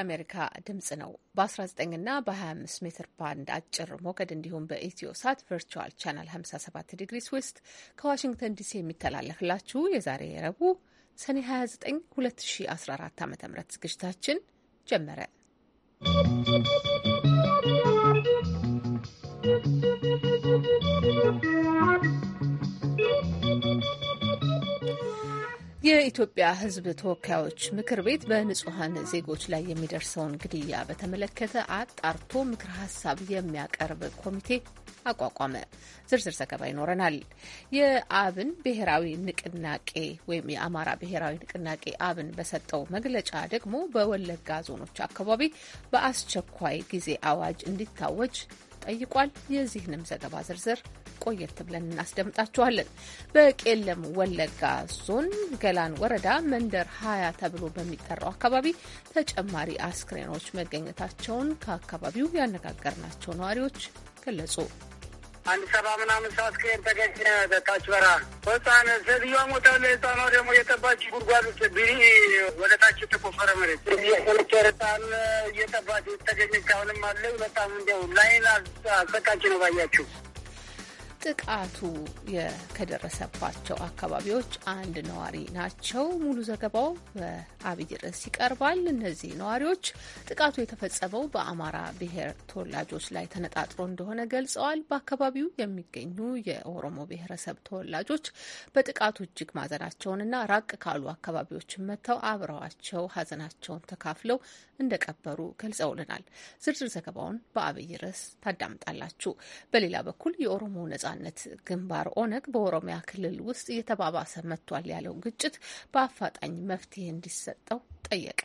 የአሜሪካ ድምጽ ነው። በ19 ና በ25 ሜትር ባንድ አጭር ሞገድ እንዲሁም በኢትዮ ሳት ቨርቹዋል ቻናል 57 ዲግሪ ስዌስት ከዋሽንግተን ዲሲ የሚተላለፍላችሁ የዛሬ ረቡዕ ሰኔ 29 2014 ዓ ም ዝግጅታችን ጀመረ። የኢትዮጵያ ሕዝብ ተወካዮች ምክር ቤት በንጹሐን ዜጎች ላይ የሚደርሰውን ግድያ በተመለከተ አጣርቶ ምክር ሀሳብ የሚያቀርብ ኮሚቴ አቋቋመ። ዝርዝር ዘገባ ይኖረናል። የአብን ብሔራዊ ንቅናቄ ወይም የአማራ ብሔራዊ ንቅናቄ አብን በሰጠው መግለጫ ደግሞ በወለጋ ዞኖች አካባቢ በአስቸኳይ ጊዜ አዋጅ እንዲታወጅ ጠይቋል። የዚህንም ዘገባ ዝርዝር ቆየት ብለን እናስደምጣችኋለን። በቄለም ወለጋ ዞን ገላን ወረዳ መንደር ሀያ ተብሎ በሚጠራው አካባቢ ተጨማሪ አስክሬኖች መገኘታቸውን ከአካባቢው ያነጋገርናቸው ነዋሪዎች ገለጹ። አንድ ሰባ ምናምን ሰዓት ክሬን ተገኘ በታች በራ ህፃን ሴትዮዋ ሞታለ። ህፃኗ ደግሞ የጠባች ጉድጓድ ውስጥ ቢኒ ወደ ታች የተቆፈረ መሬት እየፈለቸር ህፃን እየጠባች ተገኘች። አሁንም አለ በጣም እንዲያው ላይን አሰቃቂ ነው ባያችሁ ጥቃቱ ከደረሰባቸው አካባቢዎች አንድ ነዋሪ ናቸው። ሙሉ ዘገባው በአብይ ርዕስ ይቀርባል። እነዚህ ነዋሪዎች ጥቃቱ የተፈጸመው በአማራ ብሔር ተወላጆች ላይ ተነጣጥሮ እንደሆነ ገልጸዋል። በአካባቢው የሚገኙ የኦሮሞ ብሔረሰብ ተወላጆች በጥቃቱ እጅግ ማዘናቸውንና ራቅ ካሉ አካባቢዎችን መጥተው አብረዋቸው ሀዘናቸውን ተካፍለው እንደቀበሩ ገልጸውልናል። ዝርዝር ዘገባውን በአብይ ርዕስ ታዳምጣላችሁ። በሌላ በኩል የኦሮሞ ነጻ ነጻነት ግንባር ኦነግ በኦሮሚያ ክልል ውስጥ እየተባባሰ መጥቷል ያለው ግጭት በአፋጣኝ መፍትሄ እንዲሰጠው ጠየቀ።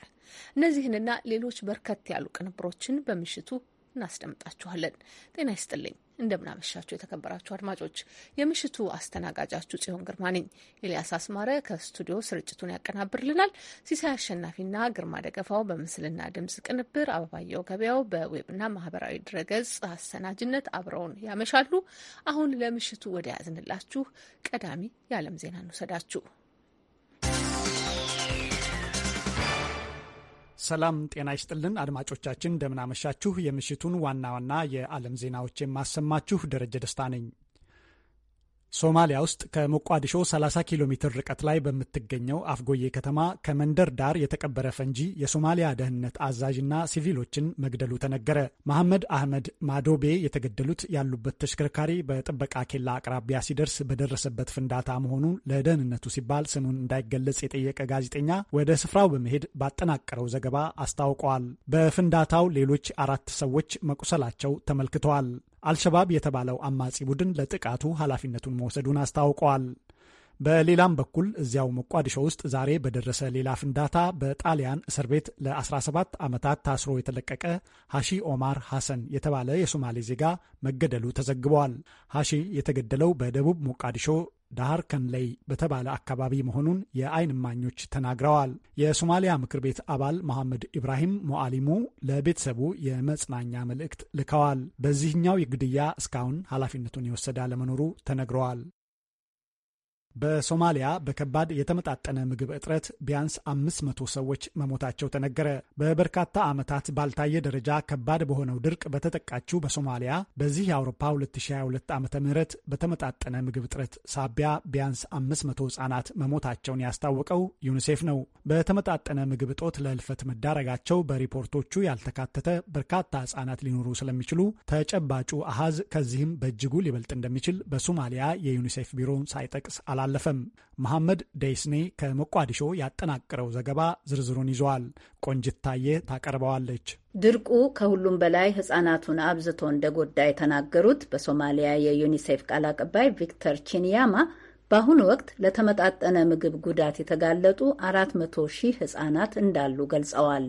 እነዚህንና ሌሎች በርከት ያሉ ቅንብሮችን በምሽቱ እናስደምጣችኋለን። ጤና ይስጥልኝ። እንደምናመሻችሁ የተከበራችሁ አድማጮች፣ የምሽቱ አስተናጋጃችሁ ጽዮን ግርማ ነኝ። ኤልያስ አስማረ ከስቱዲዮ ስርጭቱን ያቀናብርልናል። ሲሳይ አሸናፊና ግርማ ደገፋው በምስልና ድምጽ ቅንብር፣ አበባየው ገበያው በዌብና ማህበራዊ ድረገጽ አሰናጅነት አብረውን ያመሻሉ። አሁን ለምሽቱ ወደ ያዝንላችሁ ቀዳሚ የዓለም ዜና እንውሰዳችሁ። ሰላም ጤና ይስጥልን አድማጮቻችን፣ እንደምናመሻችሁ። የምሽቱን ዋና ዋና የዓለም ዜናዎች የማሰማችሁ ደረጀ ደስታ ነኝ። ሶማሊያ ውስጥ ከሞቃዲሾ 30 ኪሎ ሜትር ርቀት ላይ በምትገኘው አፍጎዬ ከተማ ከመንደር ዳር የተቀበረ ፈንጂ የሶማሊያ ደህንነት አዛዥና ሲቪሎችን መግደሉ ተነገረ። መሐመድ አህመድ ማዶቤ የተገደሉት ያሉበት ተሽከርካሪ በጥበቃ ኬላ አቅራቢያ ሲደርስ በደረሰበት ፍንዳታ መሆኑን ለደህንነቱ ሲባል ስሙን እንዳይገለጽ የጠየቀ ጋዜጠኛ ወደ ስፍራው በመሄድ ባጠናቀረው ዘገባ አስታውቀዋል። በፍንዳታው ሌሎች አራት ሰዎች መቁሰላቸው ተመልክተዋል። አልሸባብ የተባለው አማጺ ቡድን ለጥቃቱ ኃላፊነቱን መውሰዱን አስታውቀዋል። በሌላም በኩል እዚያው ሞቃዲሾ ውስጥ ዛሬ በደረሰ ሌላ ፍንዳታ በጣሊያን እስር ቤት ለ17 ዓመታት ታስሮ የተለቀቀ ሐሺ ኦማር ሐሰን የተባለ የሶማሌ ዜጋ መገደሉ ተዘግበዋል። ሐሺ የተገደለው በደቡብ ሞቃዲሾ ዳሃር ከንለይ በተባለ አካባቢ መሆኑን የአይን እማኞች ተናግረዋል። የሶማሊያ ምክር ቤት አባል መሐመድ ኢብራሂም ሞአሊሙ ለቤተሰቡ የመጽናኛ መልእክት ልከዋል። በዚህኛው ግድያ እስካሁን ኃላፊነቱን የወሰደ አለመኖሩ ተነግረዋል። በሶማሊያ በከባድ የተመጣጠነ ምግብ እጥረት ቢያንስ አምስት መቶ ሰዎች መሞታቸው ተነገረ። በበርካታ ዓመታት ባልታየ ደረጃ ከባድ በሆነው ድርቅ በተጠቃችው በሶማሊያ በዚህ የአውሮፓ 2022 ዓ ም በተመጣጠነ ምግብ እጥረት ሳቢያ ቢያንስ 500 መቶ ህጻናት መሞታቸውን ያስታወቀው ዩኒሴፍ ነው። በተመጣጠነ ምግብ እጦት ለህልፈት መዳረጋቸው በሪፖርቶቹ ያልተካተተ በርካታ ህጻናት ሊኖሩ ስለሚችሉ ተጨባጩ አሃዝ ከዚህም በእጅጉ ሊበልጥ እንደሚችል በሶማሊያ የዩኒሴፍ ቢሮ ሳይጠቅስ አላ አላለፈም። መሐመድ ደይስኔ ከሞቃዲሾ ያጠናቀረው ዘገባ ዝርዝሩን ይዟል። ቆንጅታየ ታቀርበዋለች። ድርቁ ከሁሉም በላይ ህጻናቱን አብዝቶ እንደጎዳ የተናገሩት በሶማሊያ የዩኒሴፍ ቃል አቀባይ ቪክተር ቺንያማ በአሁኑ ወቅት ለተመጣጠነ ምግብ ጉዳት የተጋለጡ አራት መቶ ሺህ ህጻናት እንዳሉ ገልጸዋል።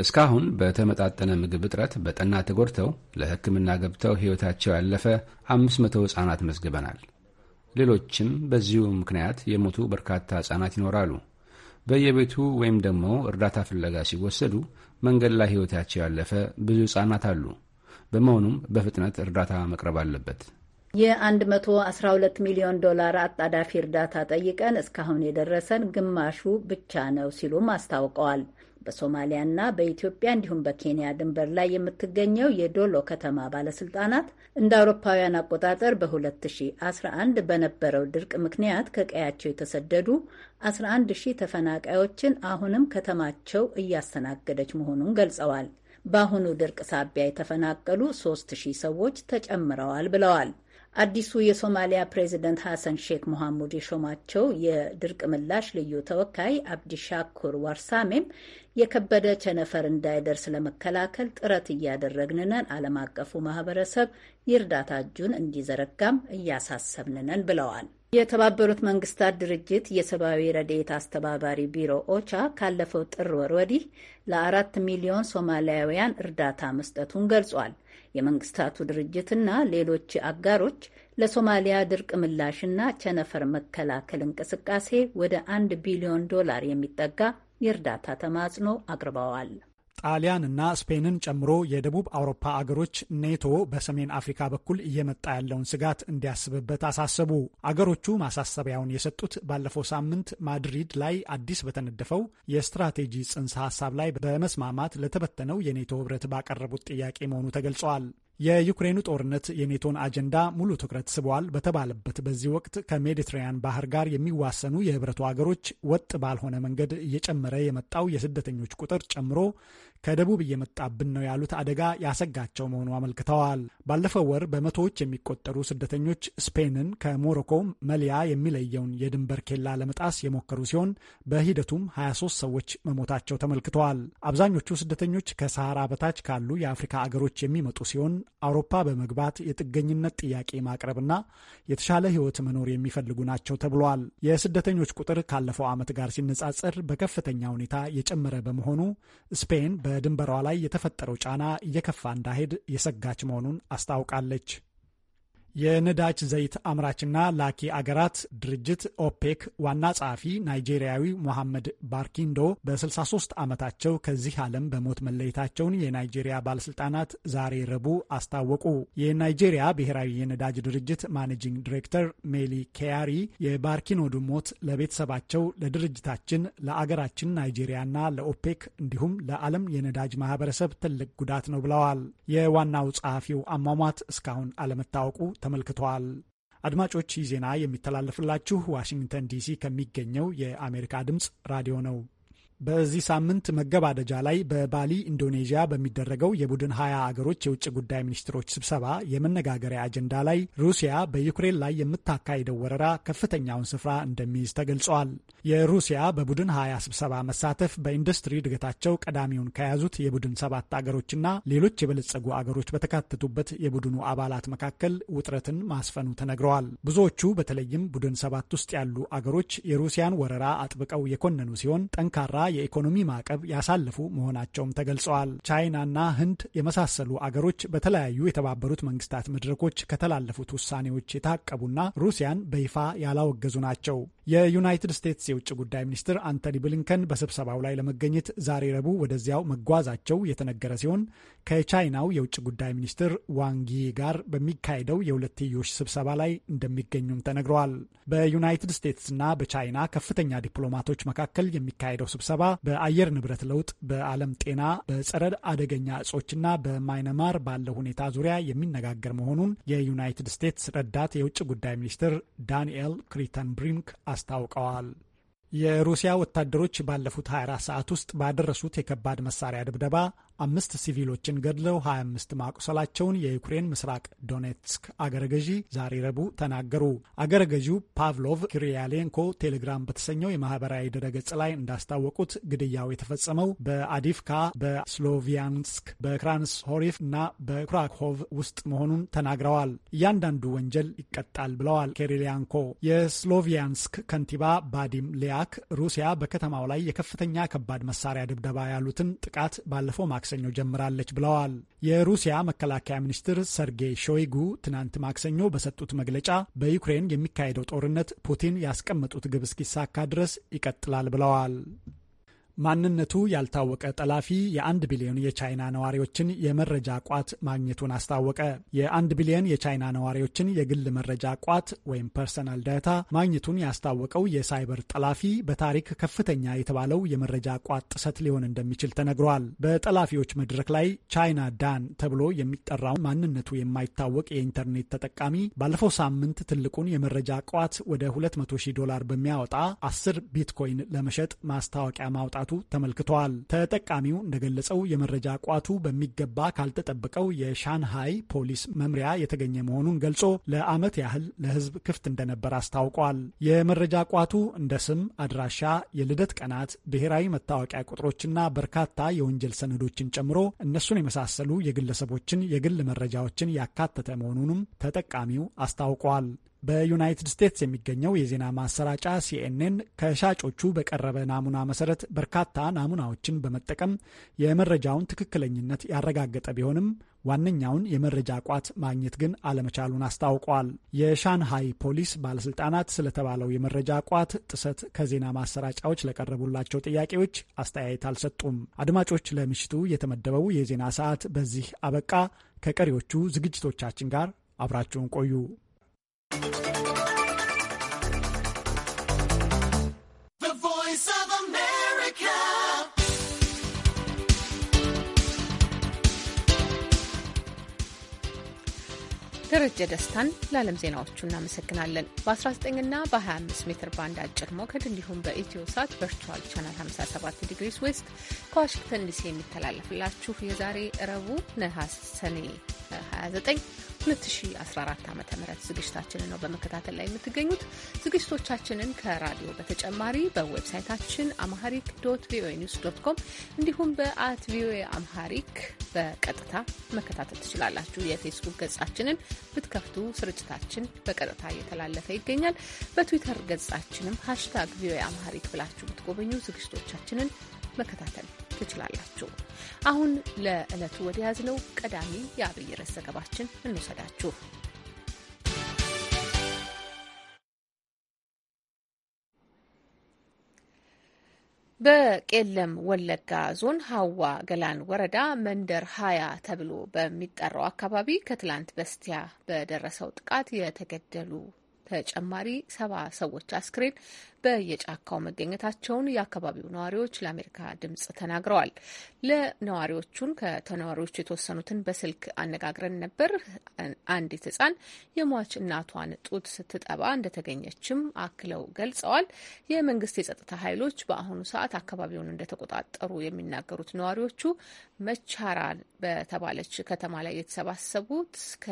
እስካሁን በተመጣጠነ ምግብ እጥረት በጠና ተጎድተው ለሕክምና ገብተው ሕይወታቸው ያለፈ 500 ሕፃናት መዝግበናል። ሌሎችም በዚሁ ምክንያት የሞቱ በርካታ ሕፃናት ይኖራሉ። በየቤቱ ወይም ደግሞ እርዳታ ፍለጋ ሲወሰዱ መንገድ ላይ ሕይወታቸው ያለፈ ብዙ ሕፃናት አሉ። በመሆኑም በፍጥነት እርዳታ መቅረብ አለበት። የ112 ሚሊዮን ዶላር አጣዳፊ እርዳታ ጠይቀን እስካሁን የደረሰን ግማሹ ብቻ ነው ሲሉም አስታውቀዋል። በሶማሊያና በኢትዮጵያ እንዲሁም በኬንያ ድንበር ላይ የምትገኘው የዶሎ ከተማ ባለስልጣናት እንደ አውሮፓውያን አቆጣጠር በ2011 በነበረው ድርቅ ምክንያት ከቀያቸው የተሰደዱ 11 ሺህ ተፈናቃዮችን አሁንም ከተማቸው እያስተናገደች መሆኑን ገልጸዋል። በአሁኑ ድርቅ ሳቢያ የተፈናቀሉ 3 ሺህ ሰዎች ተጨምረዋል ብለዋል። አዲሱ የሶማሊያ ፕሬዚደንት ሐሰን ሼክ ሞሐሙድ የሾማቸው የድርቅ ምላሽ ልዩ ተወካይ አብዲሻኩር ዋርሳሜም የከበደ ቸነፈር እንዳይደርስ ለመከላከል ጥረት እያደረግን ነን፣ ዓለም አቀፉ ማህበረሰብ የእርዳታ እጁን እንዲዘረጋም እያሳሰብን ነን ብለዋል። የተባበሩት መንግስታት ድርጅት የሰብአዊ ረድኤት አስተባባሪ ቢሮ ኦቻ ካለፈው ጥር ወር ወዲህ ለአራት ሚሊዮን ሶማሊያውያን እርዳታ መስጠቱን ገልጿል። የመንግስታቱ ድርጅትና ሌሎች አጋሮች ለሶማሊያ ድርቅ ምላሽና ቸነፈር መከላከል እንቅስቃሴ ወደ አንድ ቢሊዮን ዶላር የሚጠጋ የእርዳታ ተማጽኖ አቅርበዋል። ጣሊያን እና ስፔንን ጨምሮ የደቡብ አውሮፓ አገሮች ኔቶ በሰሜን አፍሪካ በኩል እየመጣ ያለውን ስጋት እንዲያስብበት አሳሰቡ። አገሮቹ ማሳሰቢያውን የሰጡት ባለፈው ሳምንት ማድሪድ ላይ አዲስ በተነደፈው የስትራቴጂ ጽንሰ ሀሳብ ላይ በመስማማት ለተበተነው የኔቶ ህብረት ባቀረቡት ጥያቄ መሆኑ ተገልጸዋል። የዩክሬኑ ጦርነት የኔቶን አጀንዳ ሙሉ ትኩረት ስበዋል በተባለበት በዚህ ወቅት ከሜዲትራያን ባህር ጋር የሚዋሰኑ የህብረቱ አገሮች ወጥ ባልሆነ መንገድ እየጨመረ የመጣው የስደተኞች ቁጥር ጨምሮ ከደቡብ እየመጣብን ነው ያሉት አደጋ ያሰጋቸው መሆኑ አመልክተዋል። ባለፈው ወር በመቶዎች የሚቆጠሩ ስደተኞች ስፔንን ከሞሮኮ መሊያ የሚለየውን የድንበር ኬላ ለመጣስ የሞከሩ ሲሆን በሂደቱም 23 ሰዎች መሞታቸው ተመልክተዋል። አብዛኞቹ ስደተኞች ከሰሃራ በታች ካሉ የአፍሪካ አገሮች የሚመጡ ሲሆን አውሮፓ በመግባት የጥገኝነት ጥያቄ ማቅረብና የተሻለ ሕይወት መኖር የሚፈልጉ ናቸው ተብሏል። የስደተኞች ቁጥር ካለፈው ዓመት ጋር ሲነጻጸር በከፍተኛ ሁኔታ የጨመረ በመሆኑ ስፔን በ በድንበሯ ላይ የተፈጠረው ጫና እየከፋ እንዳይሄድ የሰጋች መሆኑን አስታውቃለች። የነዳጅ ዘይት አምራችና ላኪ አገራት ድርጅት ኦፔክ ዋና ጸሐፊ ናይጄሪያዊ ሞሐመድ ባርኪንዶ በ63 ዓመታቸው ከዚህ ዓለም በሞት መለየታቸውን የናይጄሪያ ባለሥልጣናት ዛሬ ረቡዕ አስታወቁ። የናይጄሪያ ብሔራዊ የነዳጅ ድርጅት ማኔጂንግ ዲሬክተር ሜሊ ኬያሪ የባርኪኖዱ ሞት ለቤተሰባቸው፣ ለድርጅታችን፣ ለአገራችን ናይጄሪያና ለኦፔክ እንዲሁም ለዓለም የነዳጅ ማህበረሰብ ትልቅ ጉዳት ነው ብለዋል። የዋናው ጸሐፊው አሟሟት እስካሁን አለመታወቁ ተመልክተዋል። አድማጮች ይህ ዜና የሚተላለፍላችሁ ዋሽንግተን ዲሲ ከሚገኘው የአሜሪካ ድምፅ ራዲዮ ነው። በዚህ ሳምንት መገባደጃ ላይ በባሊ ኢንዶኔዥያ በሚደረገው የቡድን ሀያ አገሮች የውጭ ጉዳይ ሚኒስትሮች ስብሰባ የመነጋገሪያ አጀንዳ ላይ ሩሲያ በዩክሬን ላይ የምታካሂደው ወረራ ከፍተኛውን ስፍራ እንደሚይዝ ተገልጿል። የሩሲያ በቡድን ሀያ ስብሰባ መሳተፍ በኢንዱስትሪ እድገታቸው ቀዳሚውን ከያዙት የቡድን ሰባት አገሮችና ሌሎች የበለጸጉ አገሮች በተካተቱበት የቡድኑ አባላት መካከል ውጥረትን ማስፈኑ ተነግረዋል። ብዙዎቹ በተለይም ቡድን ሰባት ውስጥ ያሉ አገሮች የሩሲያን ወረራ አጥብቀው የኮነኑ ሲሆን ጠንካራ የኢኮኖሚ ማዕቀብ ያሳለፉ መሆናቸውም ተገልጸዋል። ቻይናና ህንድ የመሳሰሉ አገሮች በተለያዩ የተባበሩት መንግስታት መድረኮች ከተላለፉት ውሳኔዎች የታቀቡና ሩሲያን በይፋ ያላወገዙ ናቸው። የዩናይትድ ስቴትስ የውጭ ጉዳይ ሚኒስትር አንቶኒ ብሊንከን በስብሰባው ላይ ለመገኘት ዛሬ ረቡዕ ወደዚያው መጓዛቸው የተነገረ ሲሆን ከቻይናው የውጭ ጉዳይ ሚኒስትር ዋንጊ ጋር በሚካሄደው የሁለትዮሽ ስብሰባ ላይ እንደሚገኙም ተነግረዋል። በዩናይትድ ስቴትስና በቻይና ከፍተኛ ዲፕሎማቶች መካከል የሚካሄደው ስብሰባ በአየር ንብረት ለውጥ፣ በዓለም ጤና፣ በጸረ አደገኛ እጾችና በማይነማር ባለው ሁኔታ ዙሪያ የሚነጋገር መሆኑን የዩናይትድ ስቴትስ ረዳት የውጭ ጉዳይ ሚኒስትር ዳንኤል ክሪተንብሪንክ አስታውቀዋል። የሩሲያ ወታደሮች ባለፉት 24 ሰዓት ውስጥ ባደረሱት የከባድ መሳሪያ ድብደባ አምስት ሲቪሎችን ገድለው 25 ማቁሰላቸውን የዩክሬን ምስራቅ ዶኔትስክ አገረ ገዢ ዛሬ ረቡዕ ተናገሩ። አገረ ገዢው ፓቭሎቭ ኪሪያሌንኮ ቴሌግራም በተሰኘው የማህበራዊ ድረገጽ ላይ እንዳስታወቁት ግድያው የተፈጸመው በአዲፍካ፣ በስሎቪያንስክ፣ በክራንስሆሪፍ እና በኩራኮቭ ውስጥ መሆኑን ተናግረዋል። እያንዳንዱ ወንጀል ይቀጣል ብለዋል ኪሪያሌንኮ። የስሎቪያንስክ ከንቲባ ባዲም ሊያክ ሩሲያ በከተማው ላይ የከፍተኛ ከባድ መሳሪያ ድብደባ ያሉትን ጥቃት ባለፈው ማ ማክሰኞ ጀምራለች ብለዋል። የሩሲያ መከላከያ ሚኒስትር ሰርጌይ ሾይጉ ትናንት ማክሰኞ በሰጡት መግለጫ በዩክሬን የሚካሄደው ጦርነት ፑቲን ያስቀመጡት ግብ እስኪሳካ ድረስ ይቀጥላል ብለዋል። ማንነቱ ያልታወቀ ጠላፊ የአንድ ቢሊዮን የቻይና ነዋሪዎችን የመረጃ ቋት ማግኘቱን አስታወቀ። የአንድ ቢሊዮን የቻይና ነዋሪዎችን የግል መረጃ ቋት ወይም ፐርሰናል ዳታ ማግኘቱን ያስታወቀው የሳይበር ጠላፊ በታሪክ ከፍተኛ የተባለው የመረጃ ቋት ጥሰት ሊሆን እንደሚችል ተነግሯል። በጠላፊዎች መድረክ ላይ ቻይና ዳን ተብሎ የሚጠራው ማንነቱ የማይታወቅ የኢንተርኔት ተጠቃሚ ባለፈው ሳምንት ትልቁን የመረጃ ቋት ወደ 200 ሺህ ዶላር በሚያወጣ 10 ቢትኮይን ለመሸጥ ማስታወቂያ ማውጣት መምጣቱ ተመልክተዋል። ተጠቃሚው እንደገለጸው የመረጃ ቋቱ በሚገባ ካልተጠበቀው የሻንሃይ ፖሊስ መምሪያ የተገኘ መሆኑን ገልጾ ለዓመት ያህል ለሕዝብ ክፍት እንደነበር አስታውቋል። የመረጃ ቋቱ እንደ ስም፣ አድራሻ፣ የልደት ቀናት፣ ብሔራዊ መታወቂያ ቁጥሮችና በርካታ የወንጀል ሰነዶችን ጨምሮ እነሱን የመሳሰሉ የግለሰቦችን የግል መረጃዎችን ያካተተ መሆኑንም ተጠቃሚው አስታውቋል። በዩናይትድ ስቴትስ የሚገኘው የዜና ማሰራጫ ሲኤንኤን ከሻጮቹ በቀረበ ናሙና መሰረት በርካታ ናሙናዎችን በመጠቀም የመረጃውን ትክክለኝነት ያረጋገጠ ቢሆንም ዋነኛውን የመረጃ ቋት ማግኘት ግን አለመቻሉን አስታውቋል። የሻንሃይ ፖሊስ ባለስልጣናት ስለተባለው የመረጃ ቋት ጥሰት ከዜና ማሰራጫዎች ለቀረቡላቸው ጥያቄዎች አስተያየት አልሰጡም። አድማጮች፣ ለምሽቱ የተመደበው የዜና ሰዓት በዚህ አበቃ። ከቀሪዎቹ ዝግጅቶቻችን ጋር አብራችሁን ቆዩ። ደረጀ ደስታን ለዓለም ዜናዎቹ እናመሰግናለን። በ19 ና በ25 ሜትር ባንድ አጭር ሞገድ እንዲሁም በኢትዮ ሳት ቨርቹዋል ቻናል 57 ዲግሪስ ዌስት ከዋሽንግተን ዲሲ የሚተላለፍላችሁ የዛሬ እረቡ ነሐሴ 29 2014 ዓ ም ዝግጅታችንን ነው በመከታተል ላይ የምትገኙት። ዝግጅቶቻችንን ከራዲዮ በተጨማሪ በዌብሳይታችን አምሃሪክ ዶት ቪኦኤ ኒውስ ዶት ኮም እንዲሁም በአት ቪኦኤ አምሃሪክ በቀጥታ መከታተል ትችላላችሁ። የፌስቡክ ገጻችንን ብትከፍቱ ስርጭታችን በቀጥታ እየተላለፈ ይገኛል። በትዊተር ገጻችንም ሃሽታግ ቪኦኤ አምሃሪክ ብላችሁ ብትጎበኙ ዝግጅቶቻችንን መከታተል ትችላላችሁ። አሁን ለዕለቱ ወደ ያዝነው ቀዳሚ የአብይ ርዕስ ዘገባችን እንውሰዳችሁ። በቄለም ወለጋ ዞን ሀዋ ገላን ወረዳ መንደር ሀያ ተብሎ በሚጠራው አካባቢ ከትላንት በስቲያ በደረሰው ጥቃት የተገደሉ ተጨማሪ ሰባ ሰዎች አስክሬን በየጫካው መገኘታቸውን የአካባቢው ነዋሪዎች ለአሜሪካ ድምጽ ተናግረዋል። ለነዋሪዎቹን ከተነዋሪዎቹ የተወሰኑትን በስልክ አነጋግረን ነበር። አንዲት ሕጻን የሟች እናቷን ጡት ስትጠባ እንደተገኘችም አክለው ገልጸዋል። የመንግስት የጸጥታ ኃይሎች በአሁኑ ሰዓት አካባቢውን እንደተቆጣጠሩ የሚናገሩት ነዋሪዎቹ መቻራ በተባለች ከተማ ላይ የተሰባሰቡት ከ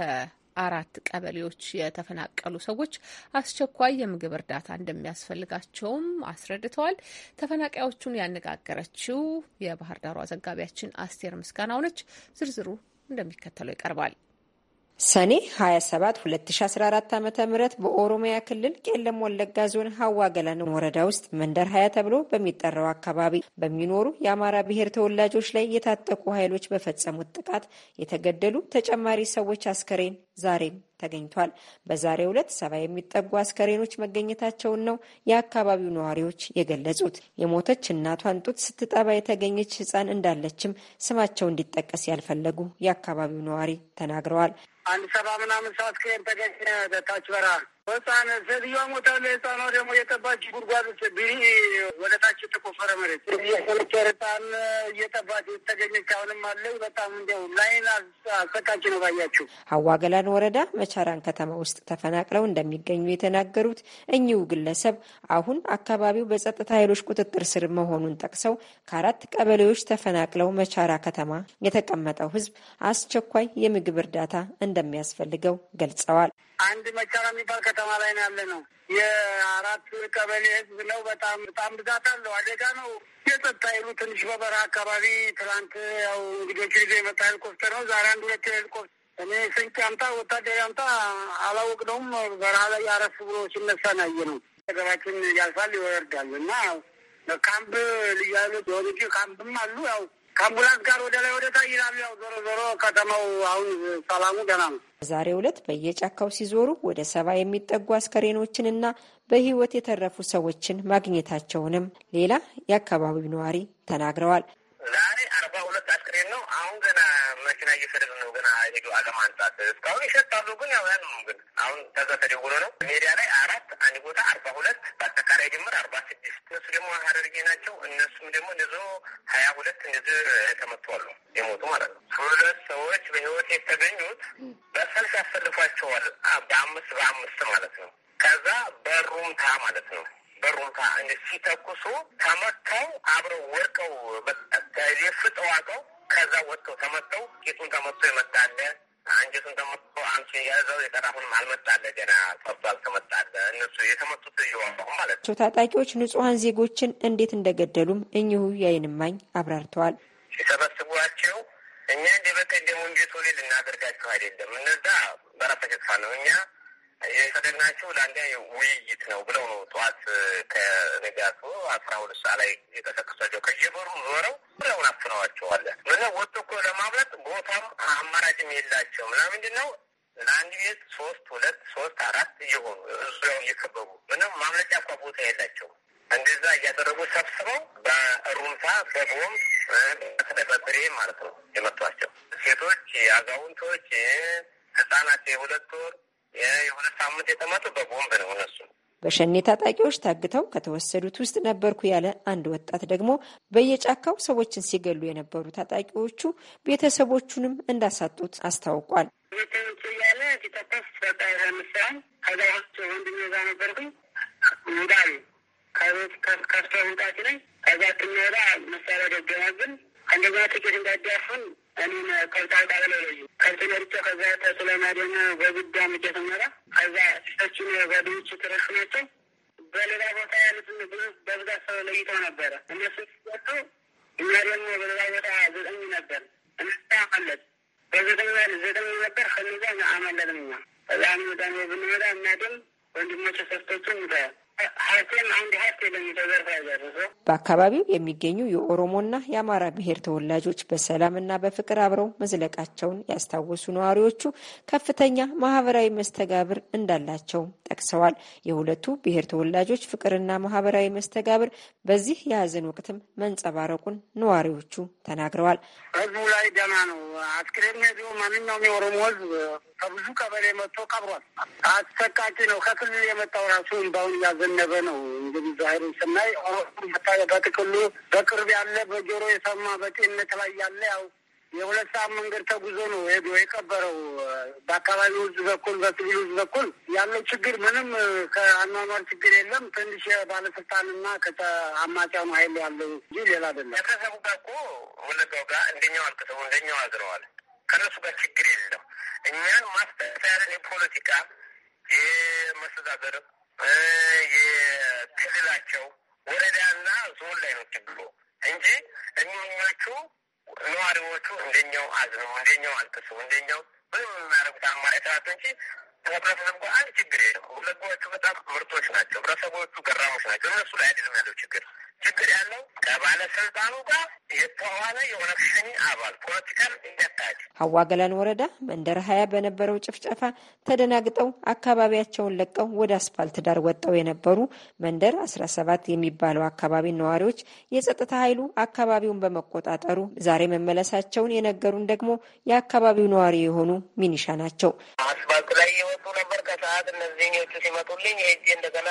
አራት ቀበሌዎች የተፈናቀሉ ሰዎች አስቸኳይ የምግብ እርዳታ እንደሚያስፈልጋቸውም አስረድተዋል። ተፈናቃዮቹን ያነጋገረችው የባህር ዳሯ ዘጋቢያችን አስቴር ምስጋናው ነች። ዝርዝሩ እንደሚከተለው ይቀርባል። ሰኔ 27 2014 ዓ ም በኦሮሚያ ክልል ቄለም ወለጋ ዞን ሀዋ ገላን ወረዳ ውስጥ መንደር ሀያ ተብሎ በሚጠራው አካባቢ በሚኖሩ የአማራ ብሔር ተወላጆች ላይ የታጠቁ ኃይሎች በፈጸሙት ጥቃት የተገደሉ ተጨማሪ ሰዎች አስከሬን ዛሬም ተገኝቷል። በዛሬው ዕለት ሰባ የሚጠጉ አስከሬኖች መገኘታቸውን ነው የአካባቢው ነዋሪዎች የገለጹት። የሞተች እናቷን ጡት ስትጠባ የተገኘች ሕፃን እንዳለችም ስማቸው እንዲጠቀስ ያልፈለጉ የአካባቢው ነዋሪ ተናግረዋል። አንድ ሰባ ምናምን ሰዓት ከየም ተገኘ ታች በረሃ ህፃን ሴትዮዋ ሞታለ። ህፃኗ ደግሞ የጠባች ጉድጓድ ውስጥ ቢኒ ወደታች የተቆፈረ መሬት የኮሌክተር ህፃን እየጠባች ተገኘች። አሁንም አለ። በጣም እንዲያው ላይን አሰቃቂ ነው። ባያችሁ ሀዋ ገላን ወረዳ መቻራን ከተማ ውስጥ ተፈናቅለው እንደሚገኙ የተናገሩት እኚሁ ግለሰብ አሁን አካባቢው በጸጥታ ኃይሎች ቁጥጥር ስር መሆኑን ጠቅሰው ከአራት ቀበሌዎች ተፈናቅለው መቻራ ከተማ የተቀመጠው ህዝብ አስቸኳይ የምግብ እርዳታ እንደሚያስፈልገው ገልጸዋል። አንድ መቻራ የሚባል ከተማ ከተማ ላይ ነው ያለ ነው። የአራት ቀበሌ ህዝብ ነው። በጣም በጣም ብዛት አለው። አደጋ ነው። የጸጥታ ይሉ ትንሽ በበረሃ አካባቢ ትላንት ያው እንግዶቹ ይዞ የመጣ ሄሊኮፕተር ነው። ዛሬ አንድ ሁለት ሄሊኮፕተር እኔ ስንቅ አምጣ ወታደር አምጣ ነውም በረሃ ላይ አረስ ብሎ ሲነሳ ናየ ነው። ገባችን ያልፋል ይወርዳል እና ካምፕ ልያሉ ሆን እንጂ ካምፕም አሉ ያው ከአምቡላንስ ጋር ወደ ላይ ወደ ይላሉ። ያው ዞሮ ዞሮ ከተማው አሁን ሰላሙ ገና ነው። በዛሬው ዕለት በየጫካው ሲዞሩ ወደ ሰባ የሚጠጉ አስከሬኖችንና በህይወት የተረፉ ሰዎችን ማግኘታቸውንም ሌላ የአካባቢው ነዋሪ ተናግረዋል። ዛሬ አርባ ሁለት አስክሬን ነው። አሁን ገና መኪና እየፈደድ ነው ሄዶ አለማንሳት እስካሁን ይሸጣሉ። ግን ያው ነው። ግን አሁን ከዛ ተደውሎ ነው ሜዳ ላይ አራት አንድ ቦታ አርባ ሁለት በአጠቃላይ ድምር አርባ ስድስት እነሱ ደግሞ ሀረርጌ ናቸው። እነሱም ደግሞ እንደዞ ሀያ ሁለት እንደዚህ ተመተዋሉ የሞቱ ማለት ነው። ሁለት ሰዎች በህይወት የተገኙት በሰልፍ ያሰልፏቸዋል። በአምስት በአምስት ማለት ነው። ከዛ በሩምታ ማለት ነው በሩምታ ሲተኩሱ ተመተው አብረው ወድቀው ፍጠዋቀው ከዛ ወጥተው ተመተው ጌጡን ተመቶ የመጣለ አንጀቱን ተመቶ አንቺ የያዘው የጠራሁን አልመጣለ ገና ጠብቶ አልተመጣለ እነሱ የተመቱት እየዋሁ ማለት ነው። ታጣቂዎች ንጹሐን ዜጎችን እንዴት እንደገደሉም እኚሁ የአይንማኝ አብራርተዋል። የሰበስቧቸው እኛ እንደ በቀደሙ እንጂ ሶሌ ልናደርጋቸው አይደለም። እነዛ በራሳ ተፋ ነው እኛ የሰደድናቸው ለአንድ ውይይት ነው ብለው ነው ጠዋት ከንጋቱ አስራ ሁለት ሰዓት ላይ የቀሰቀሷቸው ከየበሩ ዞረው ብለውን አፍነዋቸዋለ። ምን ወጥቶ እኮ ለማምለጥ ቦታም አማራጭም የላቸው ምና ምንድን ነው ለአንድ ቤት ሶስት ሁለት ሶስት አራት እየሆኑ እዚያው እየከበቡ ምንም ማምለጫ እኳ ቦታ የላቸውም። እንደዛ እያደረጉ ሰብስበው በሩምታ በቦም በትሬ ማለት ነው የመቷቸው ሴቶች፣ አዛውንቶች፣ ህጻናት የሁለት ወር የሆነ ሳምንት የተመቱ በቦምብ ነው እነሱ በሸኔ ታጣቂዎች ታግተው ከተወሰዱት ውስጥ ነበርኩ ያለ አንድ ወጣት ደግሞ በየጫካው ሰዎችን ሲገሉ የነበሩ ታጣቂዎቹ ቤተሰቦቹንም እንዳሳጡት አስታውቋል። ከቤት ከስቶ መምጣት ላይ ከዛ ትንወዳ መሳሪያ ደገናብን አንደኛ ጥቂት እንዳዳፉን እኔም ከብት አቃብለ ለዩ ከብት ገርቼ ከዛ ተስለማደን በጉዳ ምጀ ተመራ ከዛ እችን ጓደኞች ተረክናቸው በሌላ ቦታ ያሉትን በብዛት ሰው ለይተው ነበረ። እነሱ ሲወጡ እኛ ደግሞ በሌላ ቦታ ዘጠኝ ነበር። እነሱ አመለጥ በዘጠኝ ዘጠኝ ነበር። ከነዛ አመለጥን እኛ ከዛ ሚወጣ ብንመጣ እናድም ወንድሞች ሰስቶቹ ይታያል በአካባቢው የሚገኙ የኦሮሞና የአማራ ብሔር ተወላጆች በሰላምና በፍቅር አብረው መዝለቃቸውን ያስታወሱ ነዋሪዎቹ ከፍተኛ ማህበራዊ መስተጋብር እንዳላቸው ጠቅሰዋል። የሁለቱ ብሔር ተወላጆች ፍቅርና ማህበራዊ መስተጋብር በዚህ የሀዘን ወቅትም መንጸባረቁን ነዋሪዎቹ ተናግረዋል። ህዝቡ ላይ ደና ነው። አስክሬን ሄዶ ማንኛውም የኦሮሞ ህዝብ ከብዙ ቀበሌ መጥቶ ቀብሯል። አሰቃቂ ነው። ከክልል የመጣው ራሱ እንባውን እያዘነበ ነው። እንግዲህ ዛሬ ስናይ በጥቅሉ በቅርብ ያለ በጆሮ የሰማ በጤንነት ላይ ያለ ያው የሁለት ሰዓት መንገድ ተጉዞ ነው ሄዶ የቀበረው። በአካባቢው ህዝብ በኩል በሲቪል ህዝብ በኩል ያለው ችግር ምንም ከአኗኗር ችግር የለም። ትንሽ ባለስልጣንና ከአማጫኑ ሀይል ያለው እንጂ ሌላ አይደለም። ከሰቡ ጋር እኮ ወለጋው ጋር እንደኛው አልቅሰቡ እንደኛው አዝረዋል። ከነሱ ጋር ችግር የለም። እኛን ማስተሳያለን የፖለቲካ የመስተዳደር የክልላቸው ወረዳና ዞን ላይ ነው ችግሩ እንጂ እኒኞቹ ነዋሪዎቹ እንደኛው አዝነው እንደኛው አልቅሰው እንደኛው ምንም የሚያደርጉት አማራጭ ስራት እንጂ ህብረተሰቡ አንድ ችግር የለም። ሁለጎቹ በጣም ምርቶች ናቸው። ህብረተሰቦቹ ገራሞች ናቸው። እነሱ ላይ አይደለም ያለው ችግር ችግር ያለው ከባለስልጣኑ ጋር የተዋለ የሆነ ሸኒ አባል ፖለቲካል ይነካል። አዋገላን ወረዳ መንደር ሀያ በነበረው ጭፍጨፋ ተደናግጠው አካባቢያቸውን ለቀው ወደ አስፋልት ዳር ወጠው የነበሩ መንደር አስራ ሰባት የሚባለው አካባቢ ነዋሪዎች የጸጥታ ኃይሉ አካባቢውን በመቆጣጠሩ ዛሬ መመለሳቸውን የነገሩን ደግሞ የአካባቢው ነዋሪ የሆኑ ሚኒሻ ናቸው። አስፋልት ላይ የወጡ ነበር። ከሰዓት እነዚህኞቹ ሲመጡልኝ ሄጄ እንደገና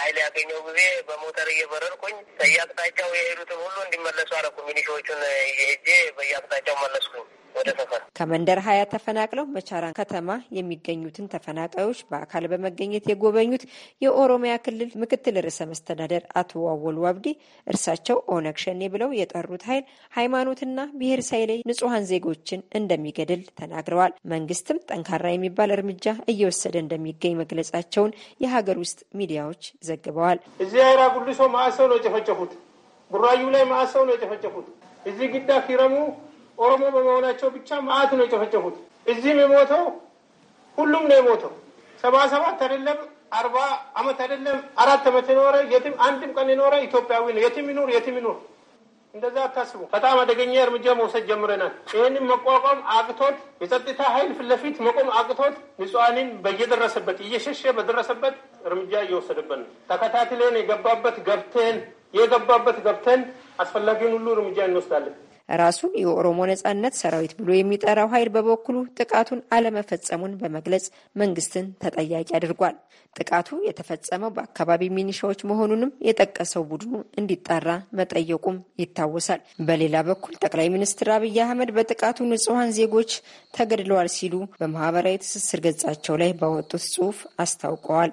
ኃይል ያገኘው ጊዜ በሞተር እየበረርኩኝ በየአቅጣጫው የሄዱትን ሁሉ እንዲመለሱ አረኩ። ሚኒሻዎቹን ይሄጄ በየአቅጣጫው መለስኩኝ። ወደ ሰፈር ከመንደር ሀያ ተፈናቅለው መቻራ ከተማ የሚገኙትን ተፈናቃዮች በአካል በመገኘት የጎበኙት የኦሮሚያ ክልል ምክትል ርዕሰ መስተዳደር አቶ ዋወሉ አብዲ እርሳቸው ኦነግ ሸኔ ብለው የጠሩት ኃይል ሃይማኖትና ብሔር ሳይለይ ንጹሐን ዜጎችን እንደሚገድል ተናግረዋል። መንግስትም ጠንካራ የሚባል እርምጃ እየወሰደ እንደሚገኝ መግለጻቸውን የሀገር ውስጥ ሚዲያዎች ዘግበዋል። እዚህ አይራ ጉልሶ ማእሰው ነው የጨፈጨፉት። ቡራዩ ላይ ማእሰው ነው የጨፈጨፉት። እዚህ ግዳ ኪረሙ ኦሮሞ በመሆናቸው ብቻ ማአት ነው የጨፈጨፉት። እዚህም የሞተው ሁሉም ነው የሞተው። ሰባ ሰባት አይደለም አርባ አመት አይደለም አራት አመት የኖረ የትም አንድም ቀን የኖረ ኢትዮጵያዊ ነው። የትም ይኑር የትም ይኑር እንደዛ አታስቡ። በጣም አደገኛ እርምጃ መውሰድ ጀምረናል። ይህንም መቋቋም አቅቶት የጸጥታ ኃይል ፊት ለፊት መቆም አቅቶት ንጹሐንን በየደረሰበት እየሸሸ በደረሰበት እርምጃ እየወሰደበት ነው። ተከታትለን የገባበት ገብተን የገባበት ገብተን አስፈላጊውን ሁሉ እርምጃ እንወስዳለን። ራሱን የኦሮሞ ነጻነት ሰራዊት ብሎ የሚጠራው ኃይል በበኩሉ ጥቃቱን አለመፈጸሙን በመግለጽ መንግስትን ተጠያቂ አድርጓል። ጥቃቱ የተፈጸመው በአካባቢ ሚኒሻዎች መሆኑንም የጠቀሰው ቡድኑ እንዲጣራ መጠየቁም ይታወሳል። በሌላ በኩል ጠቅላይ ሚኒስትር አብይ አህመድ በጥቃቱ ንጹሐን ዜጎች ተገድለዋል ሲሉ በማህበራዊ ትስስር ገጻቸው ላይ ባወጡት ጽሁፍ አስታውቀዋል።